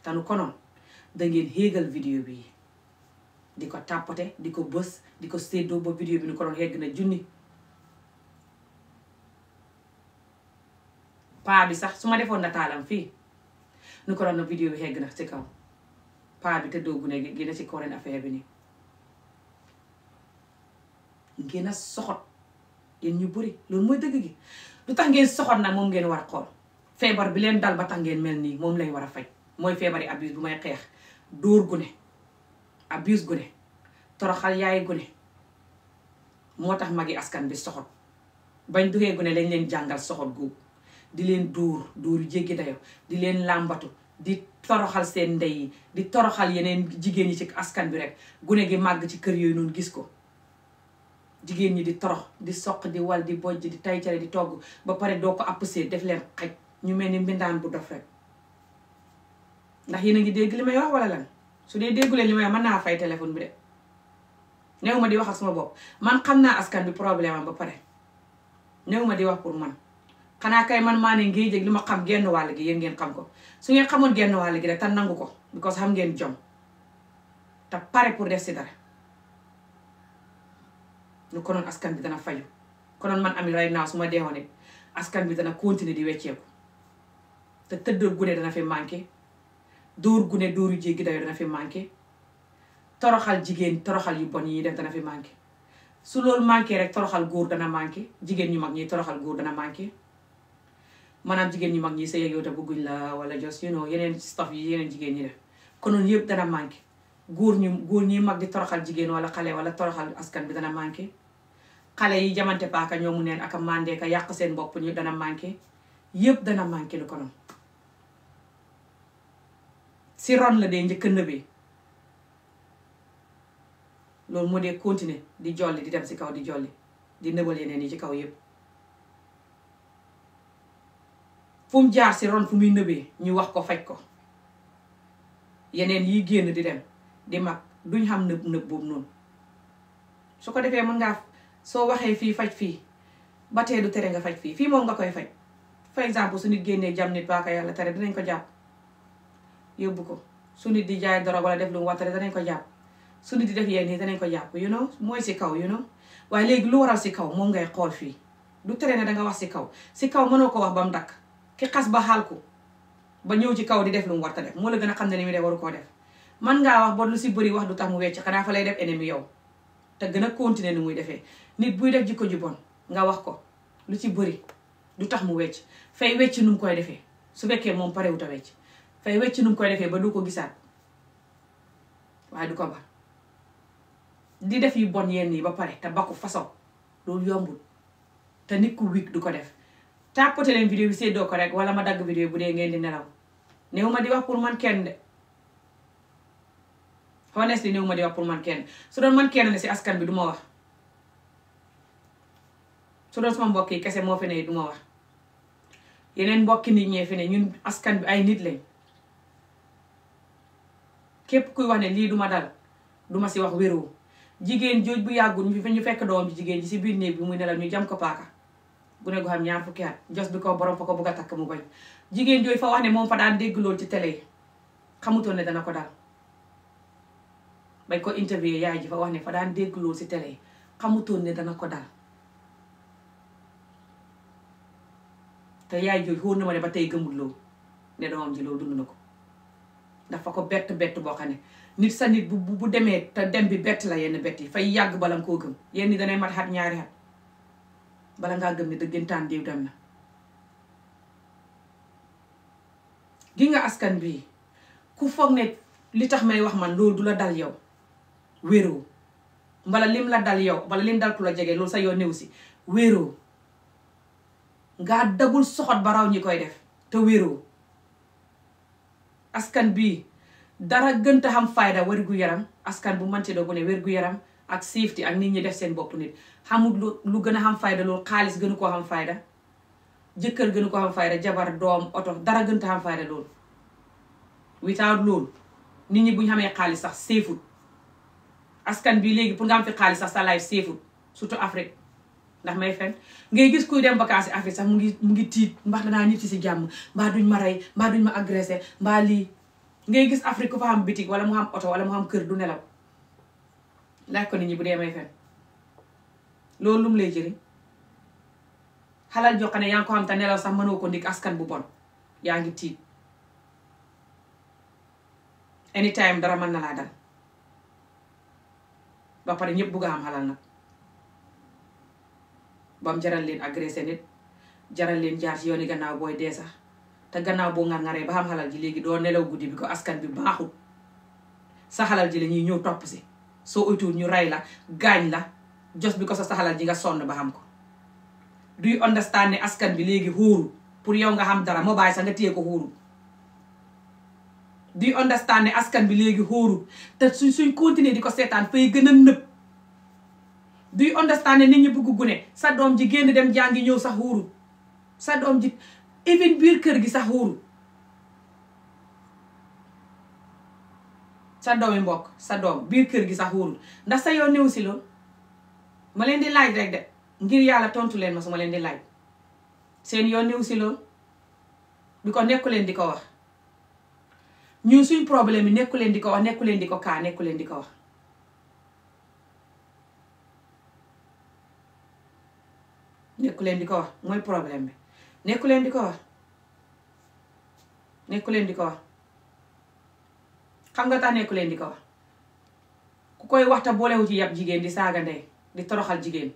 tanu konoon dangeen héegal vidéo bi di ko tàppate di ko bës di ko séddoo ba vidéo bi ni ko doon yegg na junni paa bi sax su ma defoon nataalam fii nu ko doon na vidéo bi yegg na ci kaw paa bi tëddoo bu ne génn ci corona affaire bi ni ngeen a soxot yéen ñu bëri loolu mooy dëgg gi lu tax ngeen soxot nag moom ngeen war a xool feebar bi leen dal ba tax ngeen mel nii moom lañ war a faj mooy feebari abuse bu may xeex dóor gune abuse gune toroxal yaay gune moo tax magi askan bi soxot bañ duggee gune lañ leen jàngal soxot googu di leen dóor dóor yu jéggi dayo di leen làmbatu di toroxal seen ndey yi di toroxal yeneen jigéen ñi ci askan bi rek gune gi màgg ci kër yooyu noonu gis ko jigéen ñi di torox di soq di wal di bojj di taycale di togg ba pare doo ko appsee def leen xaj ñu mel ni mbindaan bu dof rek ndax yéen a ngi dégg li may wax wala lan su dee dégguleen li may wax mën naa fay téléphone bi de néew ma di wax ak sama bopp man xam naa askan bi problème ba pare néew ma di wax pour man xanaa kay man maa ne ngéej ak li ma xam genn wàll gi yéen ngeen xam ko su ngee xamoon genn wàll gi rek te nangu ko because xam ngeen jom te pare pour def si dara lu konoon askan bi dana faju konoon man Amie right naa su ma deewoon askan bi dana continuer di wecceeku te tëddóor gune dana fi manqué dóor gune yu jéggi dayoo dana fi manqué toroxal jigéen toroxal yu bon yi def dana fi manqué su loolu manqué rek toroxal góor dana manqué jigéen ñu mag ñi toroxal góor dana manqué maanaam jigéen ñi mag ñi sa yeg yow te bëgguñ la wala jos you know yeneen stuff yi yeneen jigéen ñi def konoon yëpp dana manqué góor ñu góor ñi mag di toroxal jigéen wala xale wala toroxal askan bi dana manqué xale yi jamante paaka ñoomu neen aka mandeeka yàq seen bopp ñu dana manqué yëpp dana manqué lu konoon si ron la dee njëkk nëbee loolu moo dee continuer di jolli di dem si kaw di jolli di nëbal yeneen yi ci kaw yëpp fu jaar si ron fu muy nëbee ñu wax ko faj ko yeneen yi génn di dem di mag duñ xam nëb nëb boobu noonu su ko defee mën ngaa soo waxee fii faj fii ba tee du tere nga faj fii fii moom nga koy faj par exemple su nit génnee jam nit baaka yàlla tere dinañ ko jàpp yóbbu ko su nit di jaay dara wala def lu mu wattare danañ ko jàpp su nit di def yenn yi danañ ko jàpp you mooy si kaw you know waaye léegi lu waral si kaw moom ngay xool fii du tere ne danga wax si kaw si kaw mënoo ko wax ba mu dakk ki xas ba xaal ko ba ñëw ci kaw di def lu mu war ta def moo la gën a xam ne ni mu def waru koo def man ngaa wax bon lu si bëri wax du tax mu wecc xanaa fa lay def ennemi yow te gën a continuer ni muy defee nit buy def jikko ju bon nga wax ko lu ci bëri du tax mu wecc fay wecc nu mu koy defee su fekkee moom parewut a wecc fay wecc nu mu koy defee ba du ko gisaat waaye du ko ba di def yi bon yenn yi ba pare te bakku façon loolu yombul te nit ku wig du ko def tàppote leen vidéo bi séddoo ko rek wala ma dagg vidéo bu dee ngeen di nelaw néew ma di wax pour man kenn de honestly néew ma di wax pour man kenn su doon man kenn ne si askan bi du ma wax su doon sama mbokk yi kese moo fi duma wax yeneen mbokki nit ñee fi ne ñu askan bi ay nit lañ képp kuy wax ne lii duma dal duma si wax wéroo jigéen jooj bu yàggul ñu fi ñu fekk doom ji jigéen ji si biir néeg bi muy nelaw ñu jam ko paaka gune gu xam ñaar fukki at jos bi ko borom fa ko bugg takk mu bañ jigéen jooy fa wax ne moom fa daan dégg lool ci télé yi xamutoon ne dana ko dal bañ ko interview yaay ji fa wax ne fa daan dégg lool ci ne dana ko dal te yaay jooy xóor na ma ne ba tey gëmul lool ne doomam ji loolu dund na ko dafa ko bett bett boo xam ne nit sa nit bu bu demee te dem bi bett la yenn bett yi fay yàgg balam koo gëm yenn danay mat xat ñaari xat bala ngaa gëm ne dëggantaan diw na gi nga askan bii ku foog ne li tax may wax man loolu du la dal yow wéeroo mbala lim la dal yow mbala lim dal ku la jege loolu sa yoon néew si wéeroo ngaa dabul soxot ba raw ñi koy def te wéeroo askan bii dara gën a xam fayda wér gu yaram askan bu mante doo bu ne wér gu yaram ak safety ak nit ñi def seen bopp nit xamul lu gën a xam fayda loolu xaalis gënu koo xam fayda jëkkër gënu ko xam fayda jabar doom oto dara gën ta xam fayda loolu without loolu nit ñi buñ xamee xaalis sax seefut askan bi léegi pour nga am fi xaalis sax sa life seefut surtout Afrique ndax may fen ngay gis kuy dem vacances si Afrique sax mu ngi mu ngi tiit mbax danaa ñitti si jàmm mbaa duñ ma rey mbaa duñ ma agressé mbaa lii ngay gis Afrique ku fa xam bitig wala mu xam oto wala mu kër du nelaw laaj ko nit ñi bu dee may fen loolu lum lay jëriñ xalal jox ne yaa ngi ko xam te nelaw sax mënoo ko ndik askan bu bon yaa ngi tiit anytime dara man na laa dal ba pare ñëpp bugg a am xalal nag bam jaral leen agressé nit jaral leen jaar ci yooni gannaaw booy dee sax te gannaaw boo ngar-ngaree ba xam xalal ji léegi doo nelaw guddi bi ko askan bi baaxul sa xalal ji lañuy ñuy ñëw topp si soo uytuwul ñu rey la gaañ la jos bi ko sa saxalal ji nga sonn ba xam ko duy understand ne askan bi léegi xóoru pour yow nga xam dara mobile sax nga téye ko xóoru duy understand ne bi léegi xóoru te su suy continuer di ko seetaan fay gën a nëb duy understand ne nit ñi bëgg gune sa doom ji génn dem jàngi ñëw sax xóoru sa doom ji even biir kër gi sax xóoru sa doomi mbokk sa doom biir kër gi sax wóorul ndax sa yoon néew si ma leen di laaj rek de ngir yàlla tontu leen ma su ma leen di laaj seen yoon néew si loolu bi ko nekku leen di ko wax ñun suñ problème yi nekku leen di ko wax nekku leen di ko kaa leen di ko wax nekku leen di ko wax mooy problème bi nekku leen di ko wax nekku leen di ko wax xam nga tax nekku leen di ko wax ku koy waxta boolewu ci yab jigéen di saaga ndey di toroxal jigéen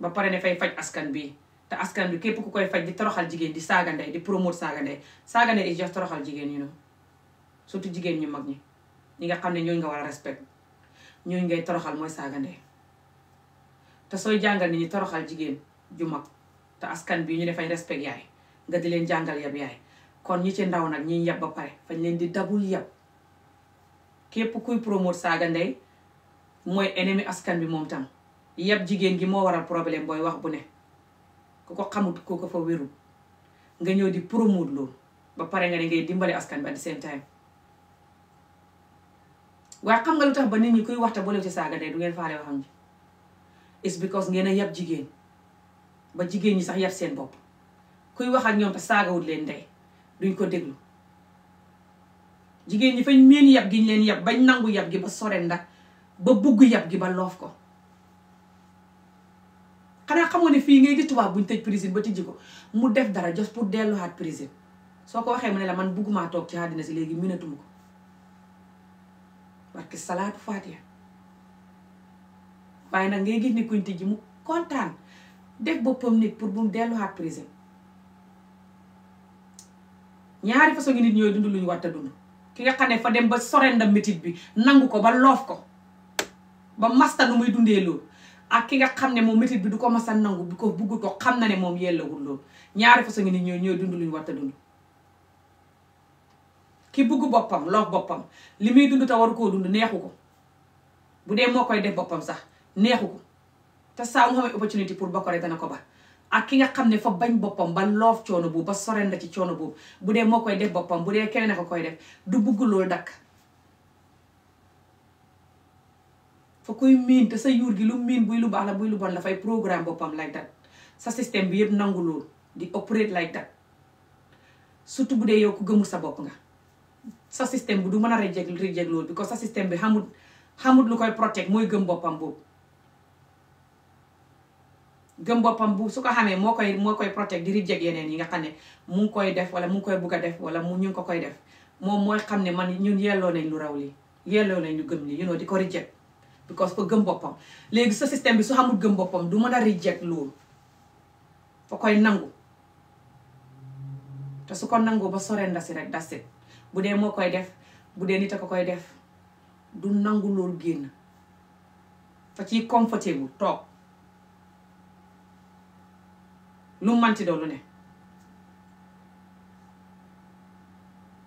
ba pare ne fay faj askan bi te askan bi képp ku koy faj di toroxal jigéen di saaga ndey di promote saaga ndey saaga ndey i jox toroxal jigéen ñu noonu surtout jigéen ñu mag ñi ñi nga xam ne ñooñu nga war a respect ñooñu ngay toroxal mooy saaga ndey te sooy jàngal ni ñi toroxal jigéen ju mag te askan bii ñu ne fay respect yaay nga di leen jàngal yab yaay kon ñi ci ndaw nag ñi yab fañ leen di dabul yab képp kuy promote saaga ndey mooy ennemi askan bi moom tam yab jigéen gi moo waral problème booy wax bu ne ku ko xamut ku ko fa wérul nga ñëw di promote loolu ba pare nga ne dimbali askan bi at the same time ba nit ñi kuy waxta boole ci saaga ndey du ngeen faale waxam ji it's because ngeen a yab jigéen ba jigéen ñi sax yab seen bopp kuy wax ak ñoom te saagawut leen ndey duñ ko déglu jigéen ñi fañ meen yab gi ñu leen yab bañ nangu yab gi ba sorenda ba bugg yab gi ba loof ko xanaa xamoo ne fii ngay gis tubaab buñ tëj prison ba tijji ko mu def dara just pour delluwaat prison soo ko waxee mu ne la man buggumaa toog ci àddina si léegi minatuma ko parce que salaatu faatiha waaye nag ngay gis ni kuñ tijji mu kontaan def boppam nit pour bu mu delluwaat prison ñaari façon ngi nit ñooy dund luñu war a dund ki nga xam ne fa dem ba sorenda métit bi nangu ko ba loof ko ba masta nu muy dundee loolu ak ki nga xam ne moom métit bi du ko masa nangu bi ko bugg ko xam na ne moom yellawul loolu ñaari façon ngi ni ñoo ñooy dund luñu war a dund ki bugg boppam loof boppam li muy dund te war koo dund neexu ko bu dee moo koy def boppam sax neexu ko te saa mu xamee opportunité pour ba ko rek dana ko ba ak ki nga xam ne fa bañ boppam ba loof coono boobu ba soren la ci coono boobu bu dee moo koy def boppam bu dee keneen a ko koy def du bugg loolu dakk fa koy miin te sa yuur gi lu miin buy lu baax la buy lu bon la fay programme boppam like that sa système bi yëpp nangu loolu di operate like that surtout bu dee yow ku gëmul sa bopp nga sa système bi du mën a reject reject loolu because sa système bi xamut xamut lu koy protect mooy gëm boppam boobu gëm boppam bu su ko xamee moo koy moo koy protect di reject yeneen yi nga xam ne mu ngi koy def wala mu ngi koy bugg a def wala mu ñu ko koy def moom mooy xam ne man ñun yelloo nañ lu raw li yelloo nañ lu gëm lii you know di ko reject because que gëm boppam léegi sa système bi su xamul gëm boppam du mën a reject loolu foo koy nangu te su ko nangoo ba sorenda si rek das it bu dee moo koy def bu dee nit a ko koy def du nangu loolu génn fa ciy comfortable toog nu manti doon lu ne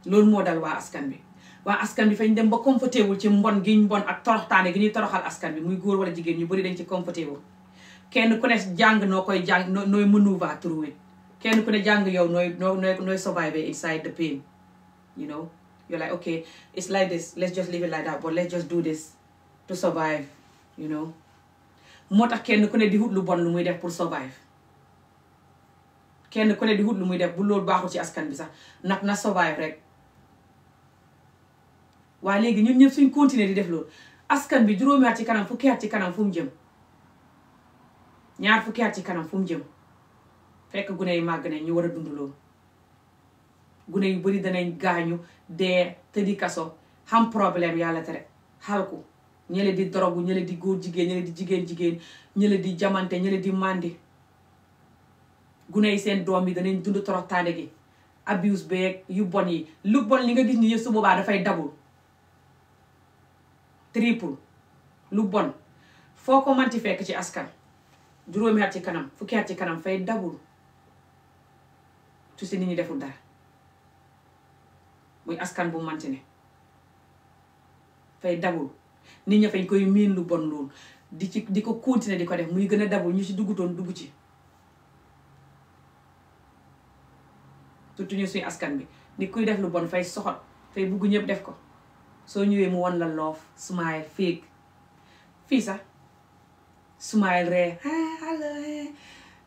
loolu moo dal waa askan bi waa askan bi fañ dem ba comforté wul ci mbon gi bon ak toroxtaane gi ñuy toroxal askan bi muy góor wala jigéen ñu bari dañ ci comforté wul kenn ku ne jàng noo koy jàng nooy maneuver through it kenn ku ne jàng yow nooy nooy nooy survive inside the pain you know you're like okay it's like this let's just leave it like that but let's just do this to survive you know moo tax kenn ku ne di wut lu bon lu muy def pour survive kenn ku ne di wut lu muy def bu loolu baaxul ci askan bi sax nag na survive rek waa léegi ñun ñëw suñ continuer di def loolu askan bi juróomi at ci kanam fu at ci kanam fu mu jëm ñaar fu at ci kanam fu mu jëm fekk gune yi màgg nañ ñu war a dund lool gune yu bari danañ gaañu dee tëddi kaso xam problème yàlla tere ko ñële di dorogu ñële di góor jigéen ñële di jigéen jigéen ñële di jamante ñële di màndi gune yi seen doom yi danañ dund toroxtaane gi abuse beeg yu bon yi lu bon li nga gis ni yëpp su boobaa dafay double triple lu bon foo ko manti fekk ci askan juróomi at ci kanam fukki at ci kanam fay double tu si nit ñi deful dara muy askan bu manti ne fay double nit ña fañ koy miin lu bon loolu di ci di ko continuer di ko def muy gën a dabul ñu ci duggutoon dugg ci surtout ñu suñu askan bi nit kuy def lu bon fay soxot fay bugg ñëpp def ko soo ñëwee mu won la loof smile fake fii sax smile ree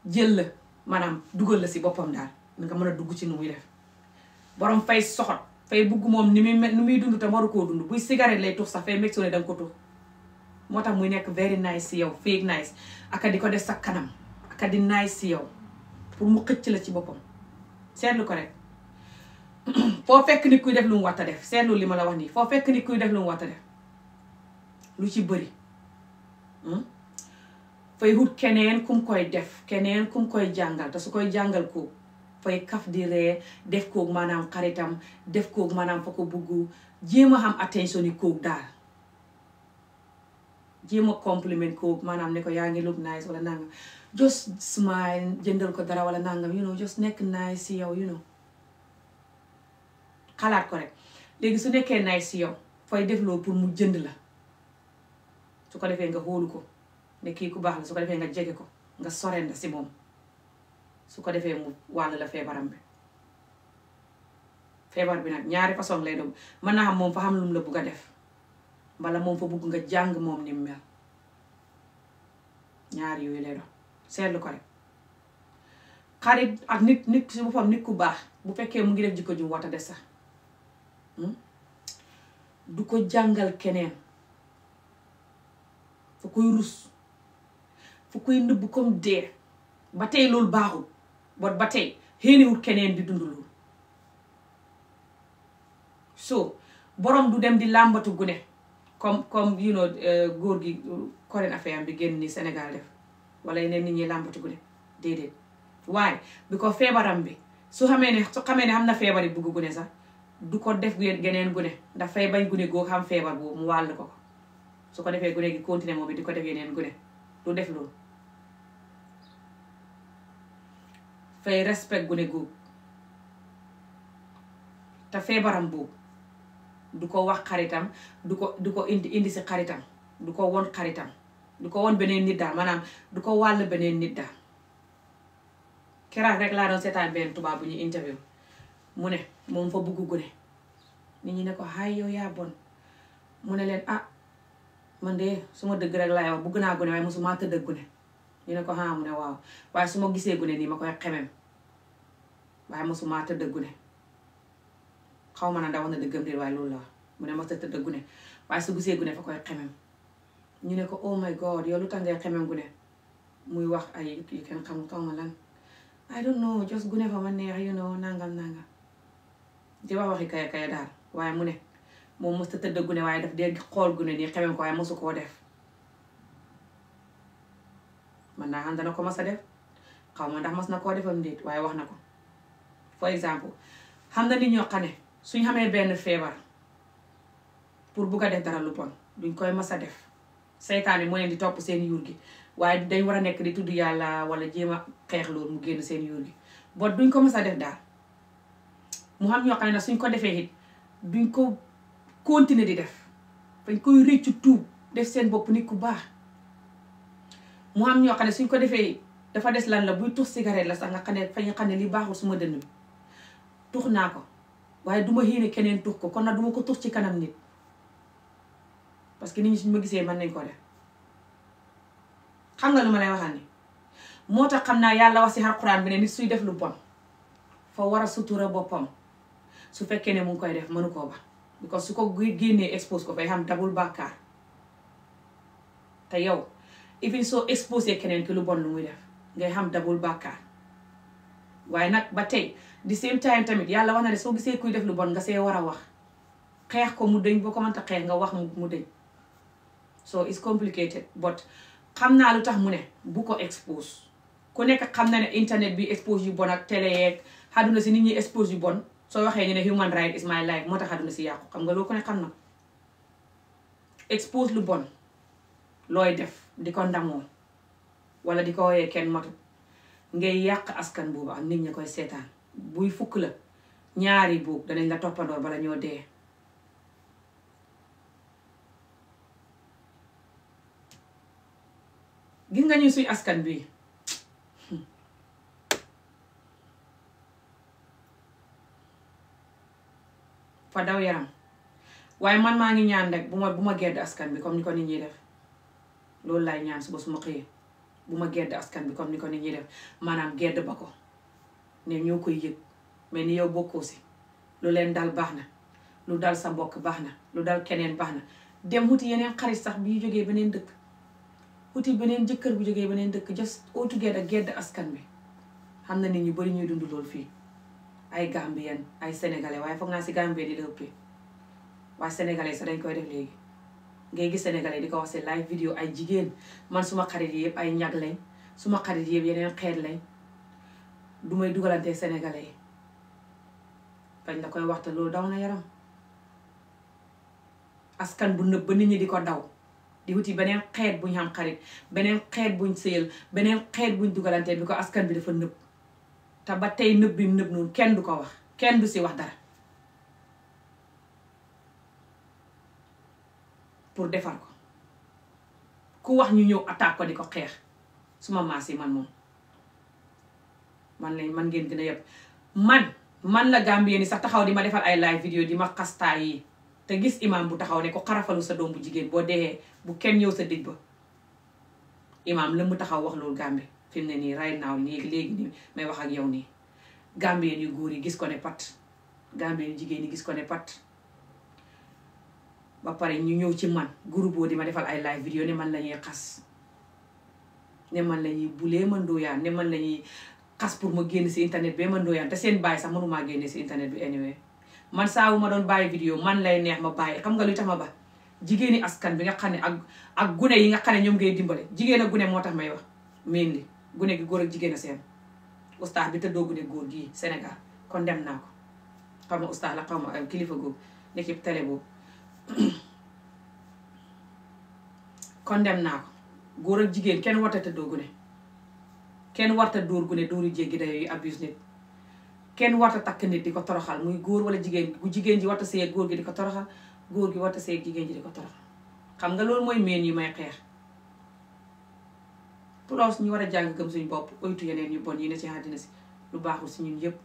jël la maanaam dugal la si boppam daal nga mën a dugg ci nu muy def borom fay soxot fay bugg moom ni muy mel ni muy dund te waru koo dund buy cigarette lay tux sax fay meg ne danga ko tux moo tax mu nekk very nice si yow fake nice aka di ko def sa kanam aka di nice si yow pour mu xëcc la ci boppam seetlu ko rek foo fekk nit kuy def lu mu war a def seetlu li ma la wax nii foo fekk nit kuy def lu mu war def lu ci bëri hmm? fay wut keneen kum koy def keneen kum koy jàngal te su koy jàngal ko fay kaf di ree def koog maanaam xaritam def koog maanaam fa ko bugg jéem a xam attention yi koog daal jéem a compliment koog maanaam ne ko yaa ngi look nice wala nanga just smile jëndal ko dara wala nangam you know just nekk nice si yow you know xalaat ko rek léegi su nekkee nice si yow fooy defloo pour mu jënd la su ko defee nga xóolu ko nekki ku baax la su ko defee nga jege ko nga sorenda si moom su ko defee mu wàll la feebaram bi feebar bi nag ñaari façon lay doon mën naa xam moom fa xam lu la bugg a def mbala moom fa bugg nga jàng moom ni mu mel ñaari yooyu lay doon seetlu ko rek xarit ak nit nit si boppam nit ku baax bu fekkee mu ngi def jikko ju wata de sax hmm? du ko jàngal keneen fu koy rus fu koy nëbb comme dee ba tey loolu baaxul bot ba tey xéeniwul keneen di dund loolu so boroom du dem di làmbatu gune comme comme you euh, góor gi euh, Coreen affaire bi génn ni Sénégal def wala yeneen nit ñi làmbatu gune déedéet waaye bi ko feebaram bi su xamee ne su xamee ne xam na feebar yi bugg gune sax du ko def geneen gune dafay bañ gune goo xam feebar boobu mu wàll ko ko su ko defee gune gi continuer moom bi di ko def yeneen gune du def loolu fay respect gune googu te feebaram boobu du ko wax xaritam du ko du ko indi indi si xaritam du ko won xaritam du ko woon beneen nit daal maanaam du ko wàll beneen nit daal keroog rek laa doon seetaan benn tubaab bu ñu interview mu ne moom fa bugg gune nit ñi ne ko xay yow yaa bon mu ne leen a ah, man de su ma dëgg rek laay wax bugg naa gune waaye mosuma tëdd ñu ne ko ah mu su ma gisee gune nii ma koy xemem waaye mosuma tëdd gune xaw ma na ndax wax na dëggam déet waaye loolu la wax mu ne ma tëdd gune waaye su gisee gune fa koy xemem ñu ne ko oh my god yow lu tax ngay xeme gune muy wax ay yu kenn xamul xaw ma lan I don't know just gune fa ma neex you know nangam nangam di wax waxi kaya daal waaye mu ne moom mosut a tëdd gune waaye daf dee xool gune nii xeme ko waaye mosu koo def man naa xam dana ko mas a def xaw ma ndax mas na koo defam déet waaye wax na ko for exemple xam na nit ñoo xam suñ xamee benn feebar pour bugg a def dara lu bon duñ koy mas a def seytaane moo leen di topp seen yuur gi waaye dañ war a nekk di tudd yàlla wala jéem a xeex loolu mu génn seen yuur gi bot duñ ko mës a def daal mu xam ñoo xam ne suñ ko defee it ko continuer di def dañ koy rëccu tuub def seen bopp nit ku baax mu ñoo xam ne suñ ko defee dafa des lan la buy tux cigarette la sax nga xam ne fa ñu xam ne li baaxul suma dënn bi tux naa ko waaye duma xiine keneen tux ko kon nag duma ko tux ci kanam nit parce que nit ñi suñu ma gisee man nañ ko def xam nga lu ma lay waxaan ni moo tax xam naa yàlla wax si alxuraan bi ne nit suy def lu bon foo war a sutura boppam su fekkee ne mu ngi koy def mënu koo ba because su ko guy génnee expose ko fay xam dabul bàkkaar te yow even soo exposé keneen ki lu bon lu muy def ngay xam dabul bàkkaar waaye nag ba tey di same time tamit yàlla wax na ne soo gisee kuy def lu bon nga see war a wax xeex ko mu dëñ boo ko mënta xeex nga wax mu dëñ so it's complicated but xam naa lu tax mu ne bu ko expose ku nekk xam na ne internet bi expose yu bon ak télé yeeg na si nit ñi expose yu bon soo waxee ñu ne human right is my life moo tax àdduna si yàqu xam nga loo ko ne xam na expose lu bon looy def di ko ndamoo wala di ko woyee kenn matut ngay yàq askan boobu ak nit ñi koy seetaan buy fukk la ñaari buug danañ la toppandoor bala ñoo dee gis nga ñun suñ askan bi fa daw yaram waaye man maa ngi ñaan rek bu ma bu ma gedd askan bi comme ni ko ni ñi def loolu laay ñaan suba su ma xëyee bu ma gedd askan bi comme ni ko nit ñi def maanaam gedd ba ko ne ñoo koy yëg mel ni yow bokkoo si lu leen dal baax na lu dal sa mbokk baax na lu dal keneen baax na dem wuti yeneen xarit sax bi jógee beneen dëkk uti beneen jëkkër bu jógee beneen dëkk just all together gedd askan bi xam na nit ñu bari ñuy dund loolu fii ay Gambien ay sénégalais waaye foog naa si Gambien di la ëppee waaye dañ koy def léegi ngay gis sénégalais di ko wax ay jigéen man suma xarit yëpp ay ñag lañ suma xarit yi yeneen xeet lañ may dugalante sénégalais yi la koy waxta loolu daw na yaram askan bu nëb ba nit ñi di ko daw di wuti beneen xeet buñ xam xarit beneen xeet buñ sëyal beneen xeet buñ dugalante bi ko askan bi dafa nëb te ba tey nëb bi nëb noonu kenn du ko wax kenn du si wax dara pour defar ko ku wax ñu ñëw attaque ko di ko xeex suma maas yi man moom man nañ man ngeen gën a yëpp man man na Gambien yi sax taxaw di ma defal ay live vidéo di ma xastaay yi te gis imaam bu taxaw ne ko xarafalu sa doom bu jigéen boo dee bu kenn ñëw sa dëj ba imaam la mu taxaw wax loolu Gambie fi mu nii right now léegi léegi nii may wax ak yow nii Gambien yu góor yi gis ko ne pat Gambien yu jigéen yi gis ko ne pat ba pare ñu ñëw ci man groupe boo di ma defal ay live vidéo ne man la ñuy xas ne man la ñuy bulee ma ndooyaan ne man la ñuy xas pour ma génn si internet bee ma ndooyaan te seen bàyyi sax mënumaa génne si internet bi anyway man saa ma doon bàyyi vidéo man lay neex ma bàyyi xam nga luy tax ma ba jigéeni askan bi nga xam ne ak ak gune yi nga xam ne ñoom ngay dimbale jigéen ak gune moo tax may wax miin li gune gi góor ak jigéen a seen ustaas bi tëddoo gune góor gi Sénégal kon dem naa ko xaw ma ustaas la xaw ma euh, kilifa góor nekk yëpp télé boobu kon dem naa ko góor ak jigéen kenn warta tëddoo gune kenn warta dóor gune dóoru jéggi dayo yu abuse nit kenn warta takk nit di ko toroxal muy góor wala jigéen bu jigéen ji warta sëy ak góor gi di ko toroxal góor gi warta sëy ak jigéen ji di ko toroxal xam nga loolu mooy meen yi may xeex plus ñu war a jàng gëm suñ bopp oytu yeneen yu bon yi ne ci àddina si lu baaxul si ñun yëpp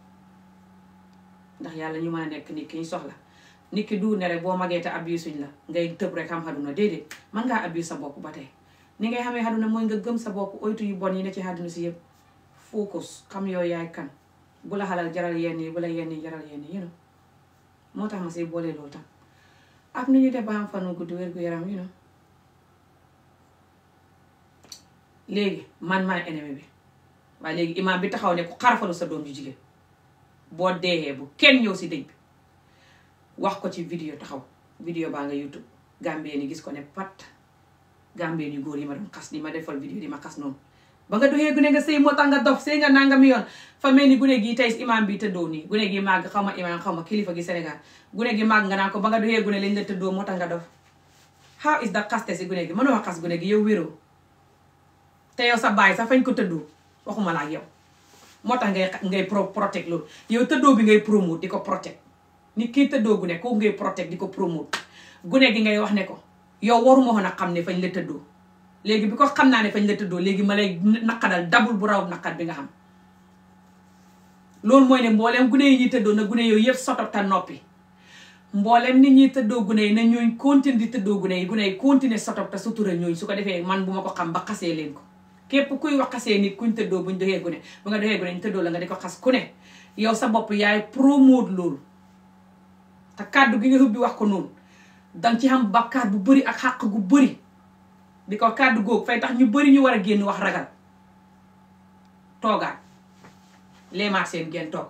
ndax yàlla ñu mën nekk nit ki ñu soxla nit ki du ne boo magee te abuse suñ la ngay tëb rek xam xaduna déedéet man ngaa sa bopp ba ni ngay xamee xaduna mooy nga gëm sa bopp oytu yu bon yi ne ci àddina si yëpp focus xam yow yaay kan bu la xalal jaral yenn yi bu la yenn yi jaral yenn yi you moo tax ma si boole loolu tam ak nu ñu def ba am fan wu gudd wér gu yaram you know léegi man maay ennemi bi waaye léegi imaam bi taxaw ne ku xarafalu sa doom ju jigéen boo deexee bu kenn ñëw si dëj bi wax ko ci vidéo taxaw vidéo baa nga youtube gambee ni gis ko ne pat gambee ni góor yi ma doon xas di ma defal vidéo di ma xas noonu ba nga doxee gune nga sëy moo tax nga dof sëy nga nangami yoon fa mel ni gune gi tey imaam bi tëddoo nii gune gi màgg xaw ma imaam xaw ma gi Sénégal gune gi màgg nga naan ko ba nga doxee gune lañ la tëddoo moo tax nga dof how is that xaste si gune gi mënoo xas gune gi yow wéroo te yow sa baay sa fañ ko tëddoo waxuma la ak yow moo tax ngay ngay pro protect loolu yow tëddoo bi ngay promote di ko protect ni kii tëddoo gune kooku ngay protect di ko promote gune gi ngay wax ne ko yow waruma woon a xam ne fañ la tëddoo léegi bi ko xam naa ne fañ la tëddoo léegi ma lay naqadal dabul bu raw naqar bi nga xam loolu mooy ne mbooleem gune yi ñuy tëddoo na gune yooyu yëpp soto ta noppi mboolem nit ñi tëddoo gune yi na ñooñ continue di tëddoo gune yi gune yi continue sotob te sutura ñooñ su ko defee man bu ma ko leen ko képp kuy wax xasee nit kuñ tëddoo buñ doxee gune bu nga doxee gune ñu tëddoo la nga di ko xas ku ne yow sa bopp yaay promote loolu te kàddu gi nga hubbi wax ko noonu danga ci xam bakkaar bu bëri ak xàq gu bëri di ko kàddu góog fay tax ñu bari ñu war a génn wax ragal toogaat les marchés génn toog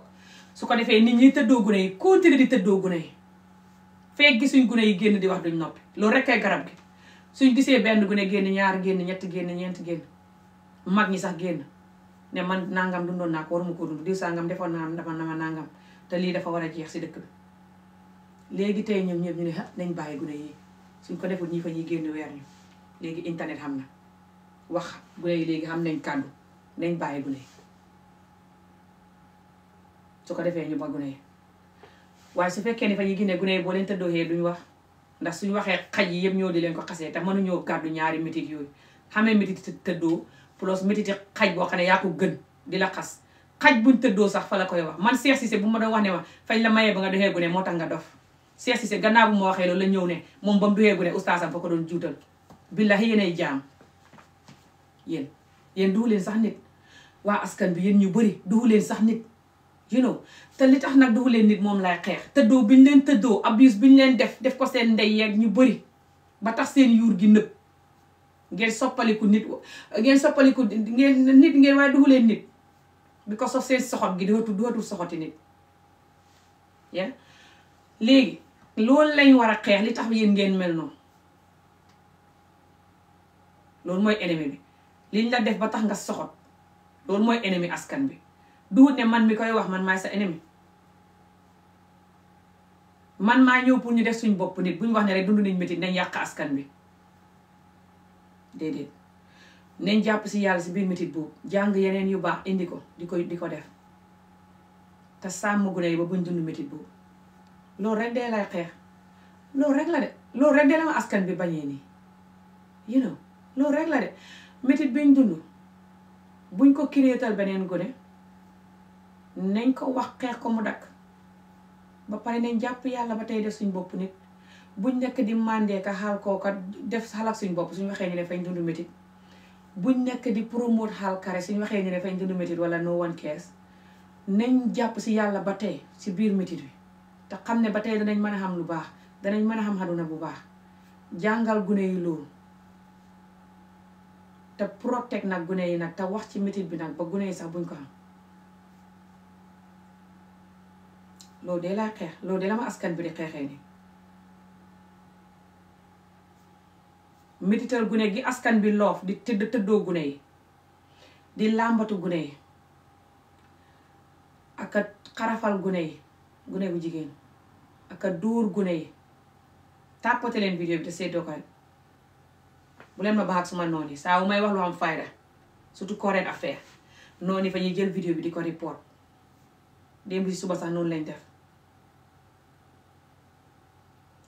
su ko defee nit ñi tëddoo gune yi continuer di tëddoo gune yi fekk gisuñ gune yi génn di wax duñ noppi loolu rek ay garab gi suñ gisee benn gune génn ñaar génn ñetti génn ñeent génn mag ñi sax génn ne man nangam dundoon naa ko ma ko dund diw sangam defoon naa dama nama nangam te lii dafa war a jeex si dëkk bi léegi tey ñoom ñëpp ñu ne ah nañ bàyyi gune yi suñ ko deful ñi fa ñuy génn weer ñu léegi internet xam na wax gune yi léegi xam nañ kàddu nañ bàyyi gune su ko defee ñu ba gune yi waaye su fekkee ne fa ñuy génne gune yi boo leen tëddooxee ñu wax ndax suñu waxee xaj yi yëpp ñoo di leen ko xasee te mënuñoo kàddu ñaari métit yooyu xamee métit tëddoo plus métit xaj boo xam ne yaa ko gën di la xas xaj buñ tëddoo sax fa la koy wax man Cheikh Cissé bu ma doon wax ne ma fañ la mayee ba nga doxee gune moo tax nga dof Cheikh Cissé gannaaw bu waxee loolu la ñëw ne moom ba mu doxee gune ustaasam fa doon juutal billahi yéenay jaam yéen yéen duwu leen sax nit waa askan bi yéen ñu bëri duwu leen sax nit you know te li tax nag duwu leen nit moom laay xeex tëddoo biñ leen tëddoo abuse biñ leen def def ko seen ndey yeeg ñu bëri ba tax seen yuur gi nëb ngeen soppaliku nit ngeen soppaliku ngeen nit ngeen waaye duwu leen nit bi ko sof seen soxot gi dootul dootul soxoti nit ya léegi loolu lañ war a xeex li tax yéen ngeen mel noonu loolu mooy ennemi bi liñ la def ba tax nga soxot loolu mooy ennemi askan bi duut ne man mi koy wax man maay sa ennemi man maa ñëw pour ñu def suñ bopp nit buñ wax ne rek dund nañ métti nañ yàq askan bi déedéet nañ jàpp si yàlla si biir métit boobu jàng yeneen yu baax indi ko di ko di ko def te sàmm gune yi ba buñ dund métit boobu loolu rek dee lay xeex loolu rek la de loolu rek dee la ma askan bi bañee nii you loolu rek la de métit biñ dund buñ ko kiréetal beneen gone nañ ko wax xeex ko mu dakk ba pare nañ jàpp yàlla ba tey def suñ bopp nit buñ nekk di mandee ka xaal kooka def xalak suñ bopp suñ waxee ñu ne fañ dund métit buñ nekk di promote xaal kare suñ waxee ñu ne fañ dund métit wala no one cares nañ jàpp si yàlla ba tey si biir métit bi te xam ne ba tey danañ mën a xam lu baax danañ mën a xam àdduna bu baax jàngal gune yi loolu te protect nag gune yi nag te wax ci métit bi nag ba gune yi sax buñ ko xam loolu de laa xeex loolu de la askan bi di xeexee ni métital gune gi askan bi loof di tëdd tëddoo gune yi di làmbatu gune yi ak a xarafal gune yi gune bu jigéen ak a dóor gune yi tàppate leen vidéo bi te seddoo ko bu leen ma baax ak suma noon yi saa may wax lu am fayda surtout current affaire yi fa ñuy jël vidéo bi di ko report démb si suba sax noonu lañ def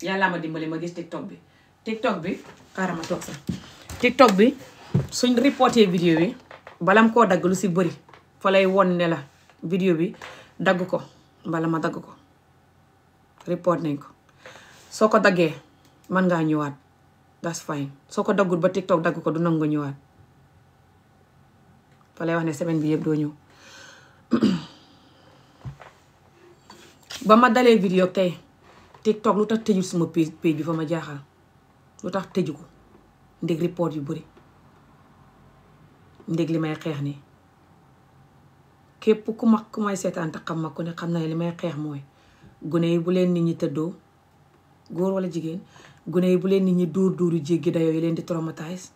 yàlla ma dimbali ma gis tiktok bi tiktok bi xaaral ma toog sax tiktok bi suñ reporté vidéo bi balam koo dagg lu si bari fa lay won ne la vidéo bi dagg ko bala ma dagg ko report nañ ko soo ko daggee mën ngaa ñëwaat that's fine soo ko daggul ba TikTok dagg ko du nangu nga ñëwaat fa lay wax ne semaine bi yëpp doo ñëw ba ma dalee vidéo tey TikTok lu tax tëju suma page bi fa ma jaaxal lu tax tëju ko ndég report yu bari ndég li may xeex nii képp ku ma ku may seetaan te xam ma ku ne xam na li may xeex mooy gune yi bu leen nit ñi tëddoo góor walla jigéen gune yi bu leen nit ñi duur dóor yu jéggi dayoo leen di traumatise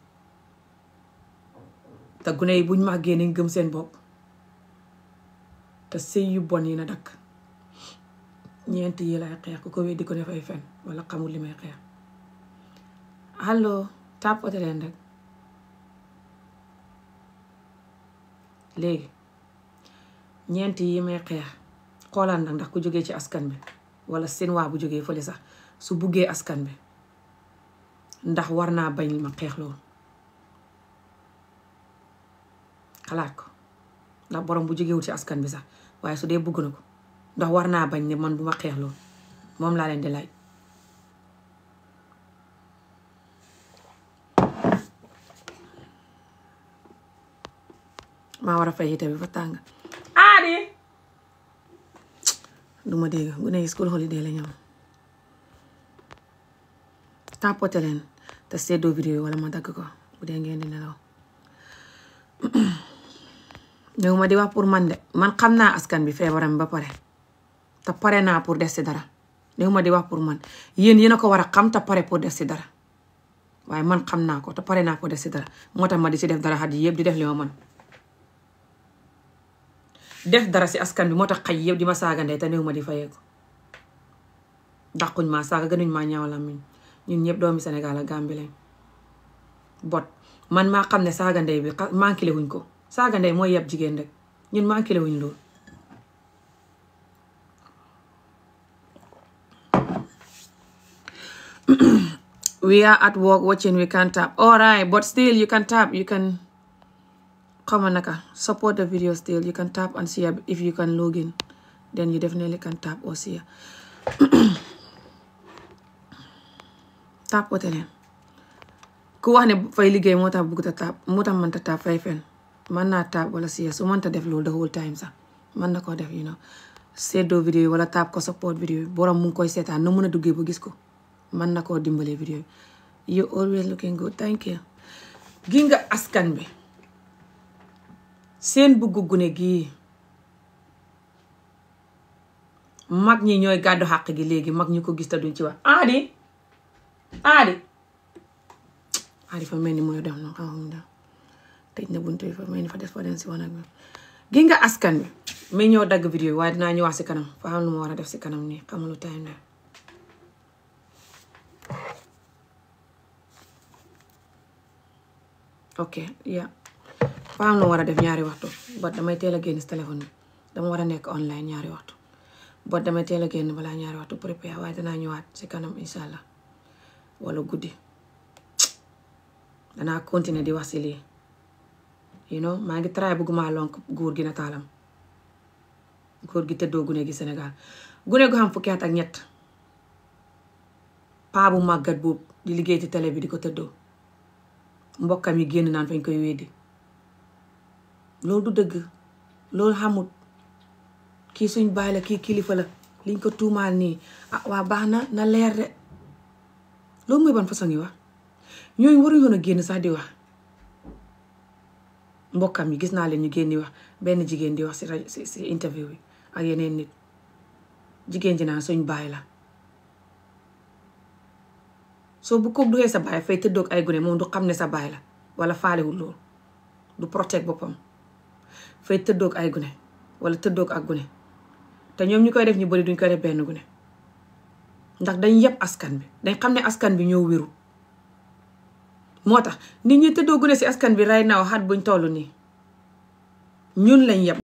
te gune yi buñ màggee nañ gëm seen bopp te sëy yu bon yi na dakk ñeent yi lay xeex ku ko di ko ne fay fen wala xamul li may xeex allo tàppate leen rek léegi ñeent yi may xeex xoolaan nag ndax ku jógee ci askan bi wala seen waa bu jógee fële sax su buggee askan bi ndax war naa bañ li ma xeex loolu xalaat ko ndax borom bu jógewul ci askan bi sax waaye su dee bëgg na ko ndax war naa bañ ni man bu ma xeex loolu moom laa leen di laaj maa war a fay itam fa tàng aadi du ma dégg gu ne school holiday la tapoté leen te seddoo vidéo yi wala ma dagg ko bu dee ngeen di nelaw ñëw ma di wax pour man de man xam naa askan bi feebaram ba pare te pare naa pour def si dara ñëw ma di wax pour man yéen yéen a ko war a xam te pare pour def si dara waaye man xam naa ko te pare naa pour def si dara moo tax ma di si def dara xat yi yëpp di def li ma man def dara si askan bi moo tax xaj yëpp di ma saaga ndey te néew ma di fayeeku ko dàquñ maa saaga gënuñ maa ñaaw làmmiñ ñun ñëpp doomi Sénégal ak Gambie lañ man maa xam ne saaga ndey bi manqué wuñ ko saaga ndey mooy yeb jigéen rek ñun manqué wuñ loolu we are at work watching we can tap all right but still you can tap you can come on naka support the video still you can tap and share if you can log in then you definitely can tap or share tàppoote leen ku wax ne fay liggéey moo tax bëggut a tàpp moo tax mënta tàpp fay fen mën naa tàpp wala si su mënta def loolu the whole time sax mën na koo def you know seddoo vidéo yi wala tàpp ko support vidéo yi borom mu ngi koy seetaan no mën a duggee ba gis ko mën na koo dimbalee vidéo yi you always looking good thank you gi nga askan bi seen buggu gune gii mag ñi ñooy gàddu xaq gi léegi mag ñu ko gis te duñ ci wax aadi aadi fa mel ni mooy dem noonu xamam daal tëj na buntu yi fa mel ni fa des fa dem si wan bi gi nga askan bi may ñëw dagg vidéo yi waaye dinaa ñëwaat si kanam fa xam war a def si kanam nii xamalu time daal ok yaa fa war a def ñaari waxtu bot damay teel a génn si bi dama war a nekk online ñaari waxtu bot teel a génn balaa ñaari waxtu préparé waaye danaa ñëwaat si kanam incha wala guddi danaa continuer di wax si lii you know maa ngi try bëgguma lonk góor gi nataalam góor gi tëddoo gune gi Sénégal gune gu xam fukki at ak ñett paa bu màggat boobu di liggéey ci tele bi di ko tëddoo mbokkam yi génn naan fañ koy weddi loolu du dëgg loolu xamut kii suñ baay la kii kilifa la liñ ko tuumaal nii ah waa baax na na leer de loolu mooy ban façon yi wax ñooñu waruñu woon a génn sax di wax mbokkam yi gis naa leen ñu génn di wax benn jigéen di wax si rajo interview bi ak yeneen nit jigéen ji naa suñ baay la soo bu ko duxee sa baay fay tëddoog ay gune moom du xam ne sa baay la wala faalewul loolu du protect boppam fay tëddoog ay gune wala tëddoog ak gune te ñoom ñu koy def ñu bëri duñ koy def benn gune ndax dañ yeb askan bi dañ xam ne askan bi ñoo wéru moo tax nit ñi te tëddoo gune si askan bi rey naaw xat buñ toll nii ñun lañ yeb